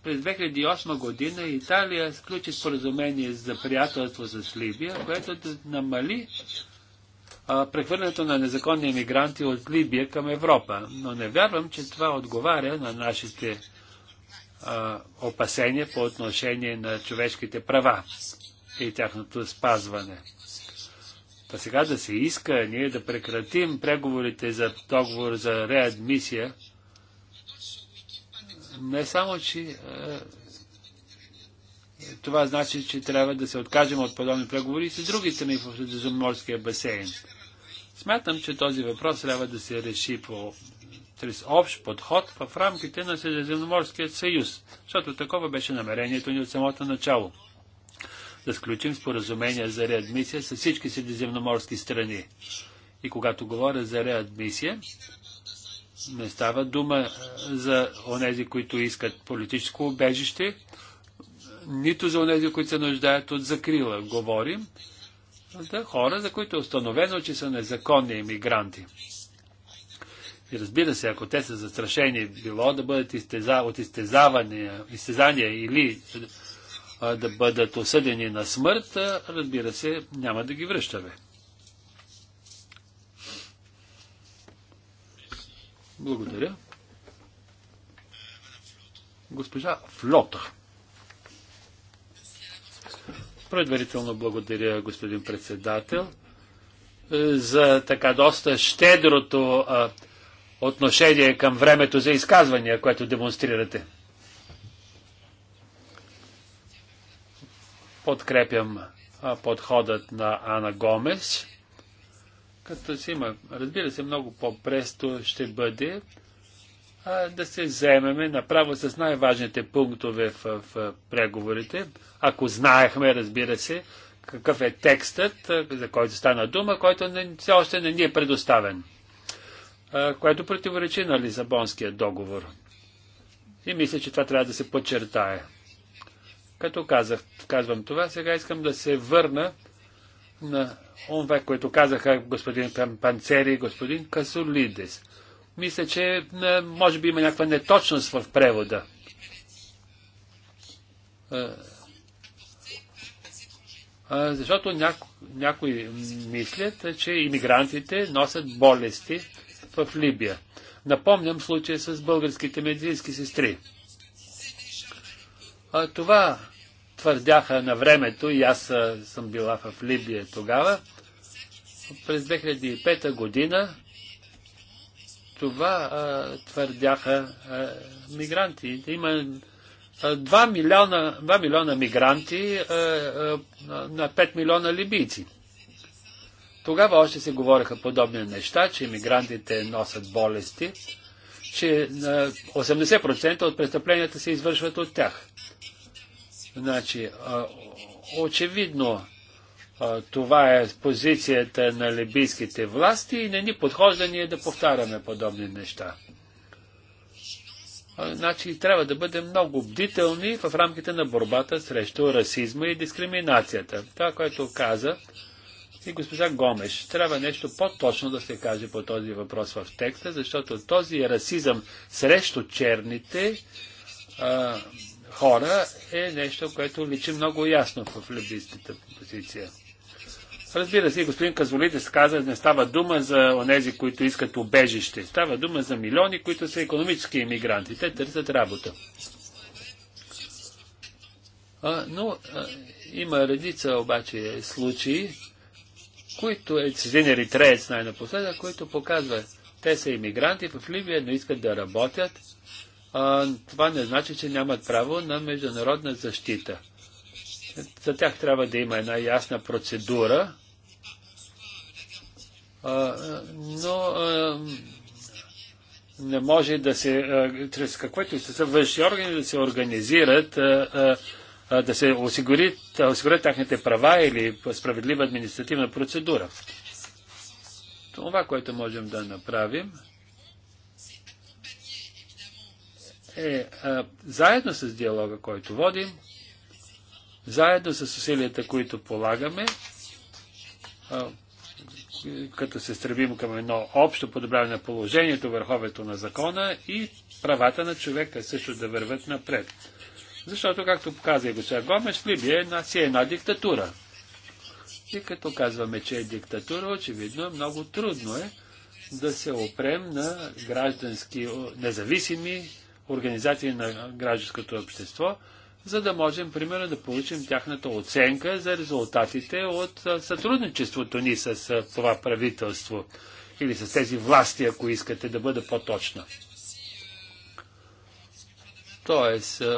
През 2008 година Италия сключи споразумение за приятелство с Либия, което да намали прехвърлянето на незаконни емигранти от Либия към Европа. Но не вярвам, че това отговаря на нашите опасения по отношение на човешките права и тяхното спазване. Та сега да се иска ние да прекратим преговорите за договор за реадмисия, не само, че а, това значи, че трябва да се откажем от подобни преговори и с други страни в Средиземноморския басейн. Смятам, че този въпрос трябва да се реши по чрез общ подход в рамките на Средиземноморския съюз, защото такова беше намерението ни от самото начало. Да сключим споразумение за реадмисия с всички средиземноморски страни. И когато говоря за реадмисия, не става дума за онези, които искат политическо убежище, нито за онези, които се нуждаят от закрила. Говорим за хора, за които е установено, че са незаконни иммигранти. И разбира се, ако те са застрашени, било да бъдат изтеза, от изтезавания, изтезания или а, да бъдат осъдени на смърт, а, разбира се, няма да ги връщаме. Благодаря. Госпожа Флота. Предварително благодаря, господин председател, за така доста щедрото а, отношение към времето за изказвания, което демонстрирате. Подкрепям подходът на Ана Гомес. Като си има, разбира се, много по-престо ще бъде а, да се вземеме направо с най-важните пунктове в, в преговорите. Ако знаехме, разбира се, какъв е текстът, за който стана дума, който все още не ни е предоставен което противоречи на Лизабонския договор. И мисля, че това трябва да се подчертае. Като казах, казвам това, сега искам да се върна на това, което казаха господин Панцери и господин Касолидес. Мисля, че може би има някаква неточност в превода. Защото няко, някои мислят, че иммигрантите носят болести в Либия. Напомням случая с българските медицински сестри. А, това твърдяха на времето и аз съм била в Либия тогава. През 2005 година това а, твърдяха а, мигранти. Има 2 милиона, 2 милиона мигранти а, а, на 5 милиона либийци. Тогава още се говореха подобни неща, че иммигрантите носят болести, че 80% от престъпленията се извършват от тях. Значи, очевидно, това е позицията на либийските власти и не ни подхожда ние да повтаряме подобни неща. Значи трябва да бъдем много бдителни в рамките на борбата срещу расизма и дискриминацията. Това, което каза и госпожа Гомеш. Трябва нещо по-точно да се каже по този въпрос в текста, защото този расизъм срещу черните а, хора е нещо, което личи много ясно в любистата позиция. Разбира се, господин Казолидес каза, не става дума за онези, които искат убежище. Става дума за милиони, които са економически иммигранти. Те търсят работа. А, но а, има редица обаче случаи, които е един еритреец най-напоследък, който показва, те са иммигранти в Ливия, но искат да работят. А, това не значи, че нямат право на международна защита. За тях трябва да има една ясна процедура, а, но а, не може да се, а, чрез каквото и са външни органи да се организират а, а, да се осигурят, осигурят тяхните права или справедлива административна процедура. Това, което можем да направим, е а, заедно с диалога, който водим, заедно с усилията, които полагаме, а, като се стремим към едно общо подобряване на положението, върховето на закона и правата на човека също да върват напред. Защото, както каза и госпожа Гомеш, Либия е си е една диктатура. И като казваме, че е диктатура, очевидно много трудно е да се опрем на граждански, независими организации на гражданското общество, за да можем, примерно, да получим тяхната оценка за резултатите от сътрудничеството ни с това правителство или с тези власти, ако искате да бъда по-точна. Тоест, е, е,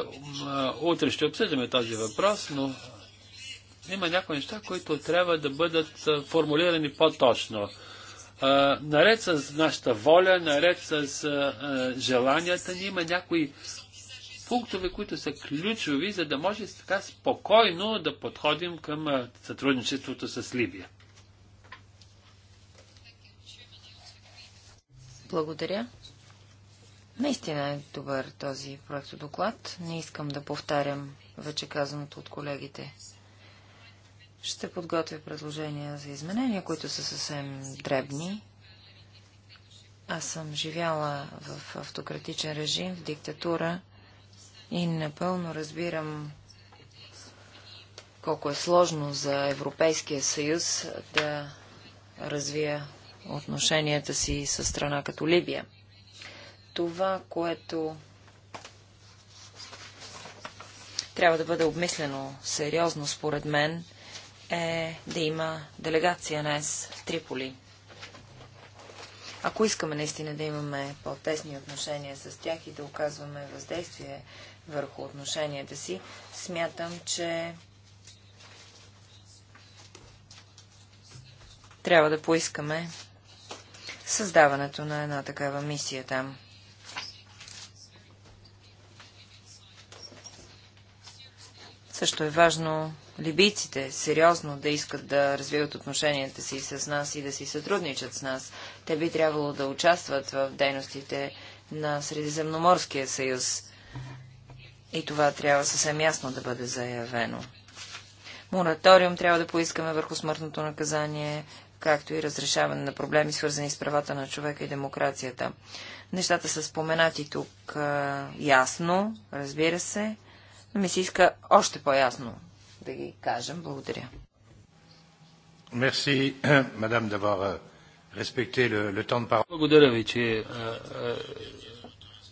утре ще обсъждаме този въпрос, но има някои неща, които трябва да бъдат е, формулирани по-точно. Наред с нашата воля, наред с желанията ни, има някои пунктове, които са ключови, за да може така спокойно да подходим към сътрудничеството с Либия. Благодаря. Наистина е добър този проект доклад. Не искам да повтарям вече казаното от колегите. Ще подготвя предложения за изменения, които са съвсем дребни. Аз съм живяла в автократичен режим, в диктатура и напълно разбирам колко е сложно за Европейския съюз да развия отношенията си с страна като Либия това, което трябва да бъде обмислено сериозно, според мен, е да има делегация на ЕС в Триполи. Ако искаме наистина да имаме по-тесни отношения с тях и да оказваме въздействие върху отношенията си, смятам, че трябва да поискаме създаването на една такава мисия там. Също е важно либийците сериозно да искат да развиват отношенията си с нас и да си сътрудничат с нас. Те би трябвало да участват в дейностите на Средиземноморския съюз. И това трябва съвсем ясно да бъде заявено. Мораториум трябва да поискаме върху смъртното наказание, както и разрешаване на проблеми, свързани с правата на човека и демокрацията. Нещата са споменати тук ясно, разбира се ми се иска още по-ясно да ги кажем. Благодаря. респекте euh, Благодаря ви, че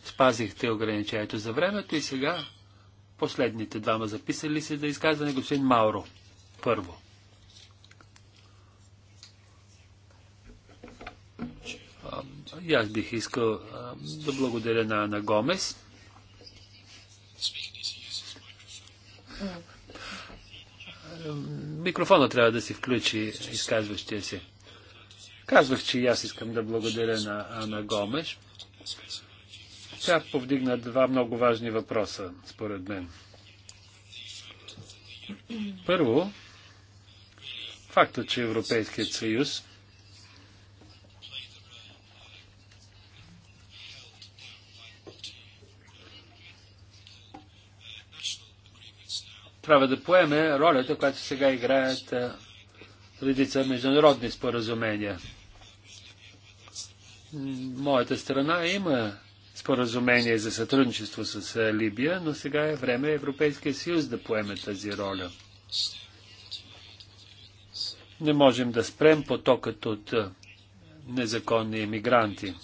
спазихте ограничението за времето и сега последните двама записали се да изказване господин Мауро. Първо. И аз бих искал да благодаря на Ана Гомес Микрофона трябва да си включи изказващия се. Казвах, че и аз искам да благодаря на Ана Гомеш. Тя повдигна два много важни въпроса, според мен. Първо, факта, че Европейският съюз трябва да поеме ролята, която сега играят редица международни споразумения. Моята страна има споразумение за сътрудничество с Либия, но сега е време Европейския съюз да поеме тази роля. Не можем да спрем потокът от незаконни емигранти.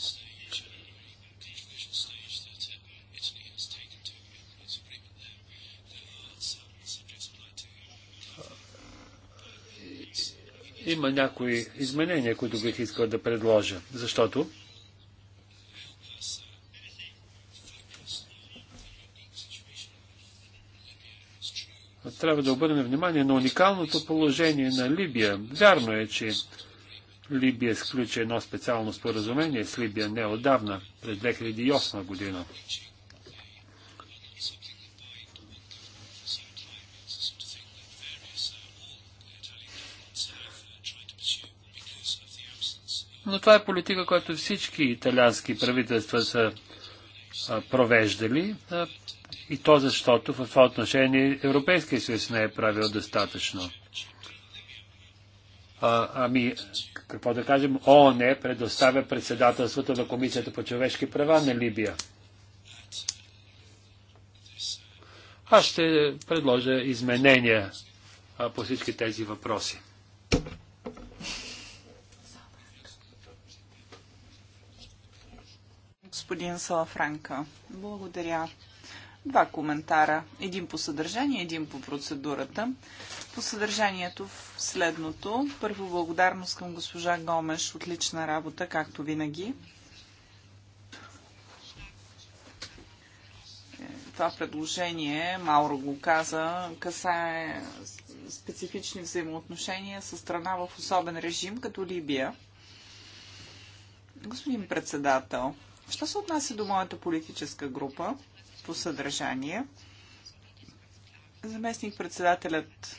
Има някои изменения, които бих искал да предложа, защото трябва да обърнем внимание на уникалното положение на Либия. Вярно е, че Либия сключи едно специално споразумение с Либия неодавна, през 2008 година. Но това е политика, която всички италиански правителства са провеждали и то защото в това отношение Европейския съюз не е правил достатъчно. А, ами, какво да кажем, ООН е предоставя председателството на Комисията по човешки права на Либия. Аз ще предложа изменения по всички тези въпроси. господин Салафранка. Благодаря. Два коментара. Един по съдържание, един по процедурата. По съдържанието в следното. Първо благодарност към госпожа Гомеш. Отлична работа, както винаги. Това предложение, Мауро го каза, касае специфични взаимоотношения с страна в особен режим, като Либия. Господин председател, Що се отнася до моята политическа група по съдържание, заместник-председателят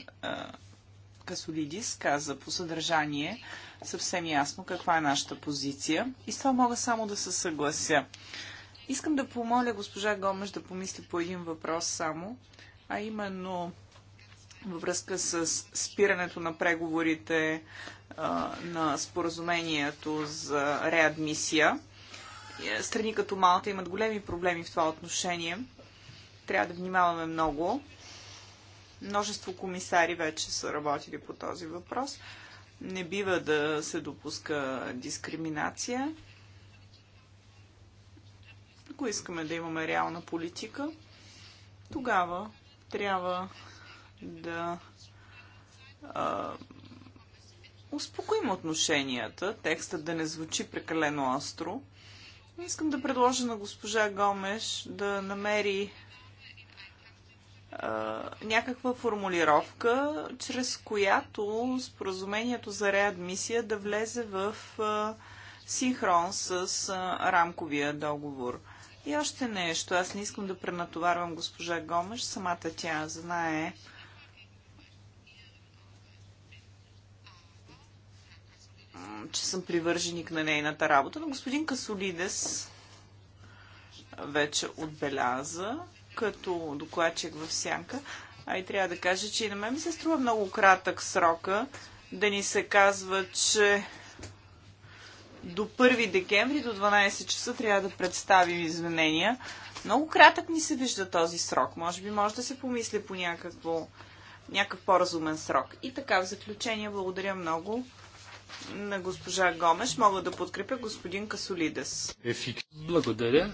Касолидис каза по съдържание съвсем ясно каква е нашата позиция и с това мога само да се съглася. Искам да помоля госпожа Гомеш да помисли по един въпрос само, а именно във връзка с спирането на преговорите а, на споразумението за реадмисия страни като Малта имат големи проблеми в това отношение. Трябва да внимаваме много. Множество комисари вече са работили по този въпрос. Не бива да се допуска дискриминация. Ако искаме да имаме реална политика, тогава трябва да а, успокоим отношенията, текстът да не звучи прекалено остро. Искам да предложа на госпожа Гомеш да намери а, някаква формулировка, чрез която споразумението за реадмисия да влезе в а, синхрон с а, рамковия договор. И още нещо. Аз не искам да пренатоварвам госпожа Гомеш. Самата тя знае че съм привърженик на нейната работа, но господин Касолидес вече отбеляза като докладчик в сянка. А и трябва да кажа, че и на мен ми се струва много кратък срока да ни се казва, че до 1 декември до 12 часа трябва да представим изменения. Много кратък ни се вижда този срок. Може би може да се помисли по някакво, някакъв по-разумен срок. И така, в заключение, благодаря много на госпожа Гомеш мога да подкрепя господин Касолидес. Благодаря.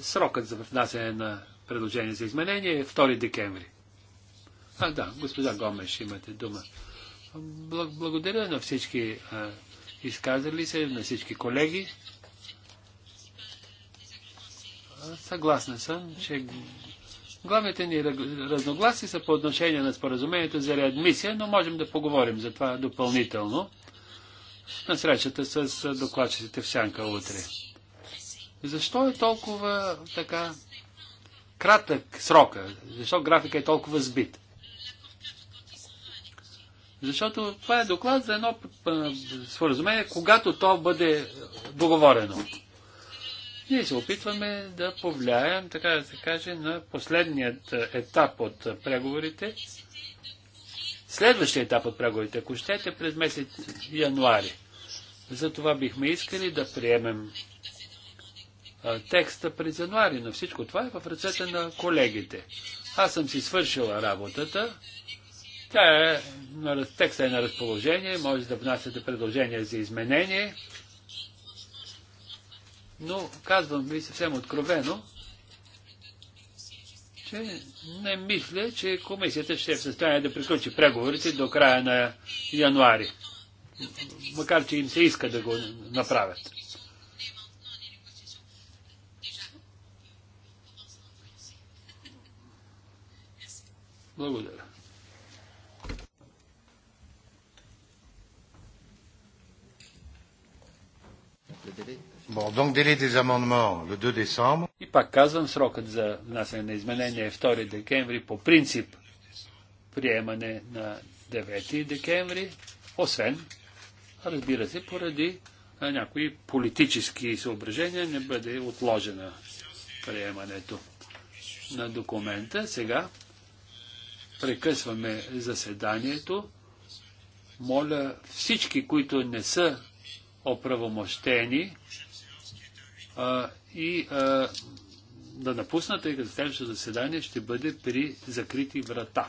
срокът за внасяне на предложение за изменение е 2 декември. А, да, госпожа Гомеш, имате дума. Благодаря на всички изказали се, на всички колеги. Съгласна съм, че Главните ни разногласи са по отношение на споразумението за реадмисия, но можем да поговорим за това допълнително на срещата с докладчиците в Сянка утре. Защо е толкова така кратък срока? Защо графика е толкова сбит? Защото това е доклад за едно споразумение, когато то бъде договорено. Ние се опитваме да повлияем, така да се каже, на последният е, етап от преговорите. Следващия етап от преговорите, ако щете, през месец януари. Затова бихме искали да приемем текста през януари, но всичко това е в ръцете на колегите. Аз съм си свършила работата. Тя е, текста е на разположение, може да внасяте предложения за изменение. Но казвам ви съвсем откровено, че не мисля, че комисията ще е в състояние да приключи преговорите до края на януари. Макар, че им се иска да го направят. Благодаря. Благодаря. И пак казвам, срокът за внасяне на изменение е 2 декември по принцип приемане на 9 декември, освен, разбира се, поради някои политически съображения не бъде отложена приемането на документа. Сега прекъсваме заседанието. Моля всички, които не са оправомощени, а, и а, да напуснат, тъй като следващото заседание ще бъде при закрити врата.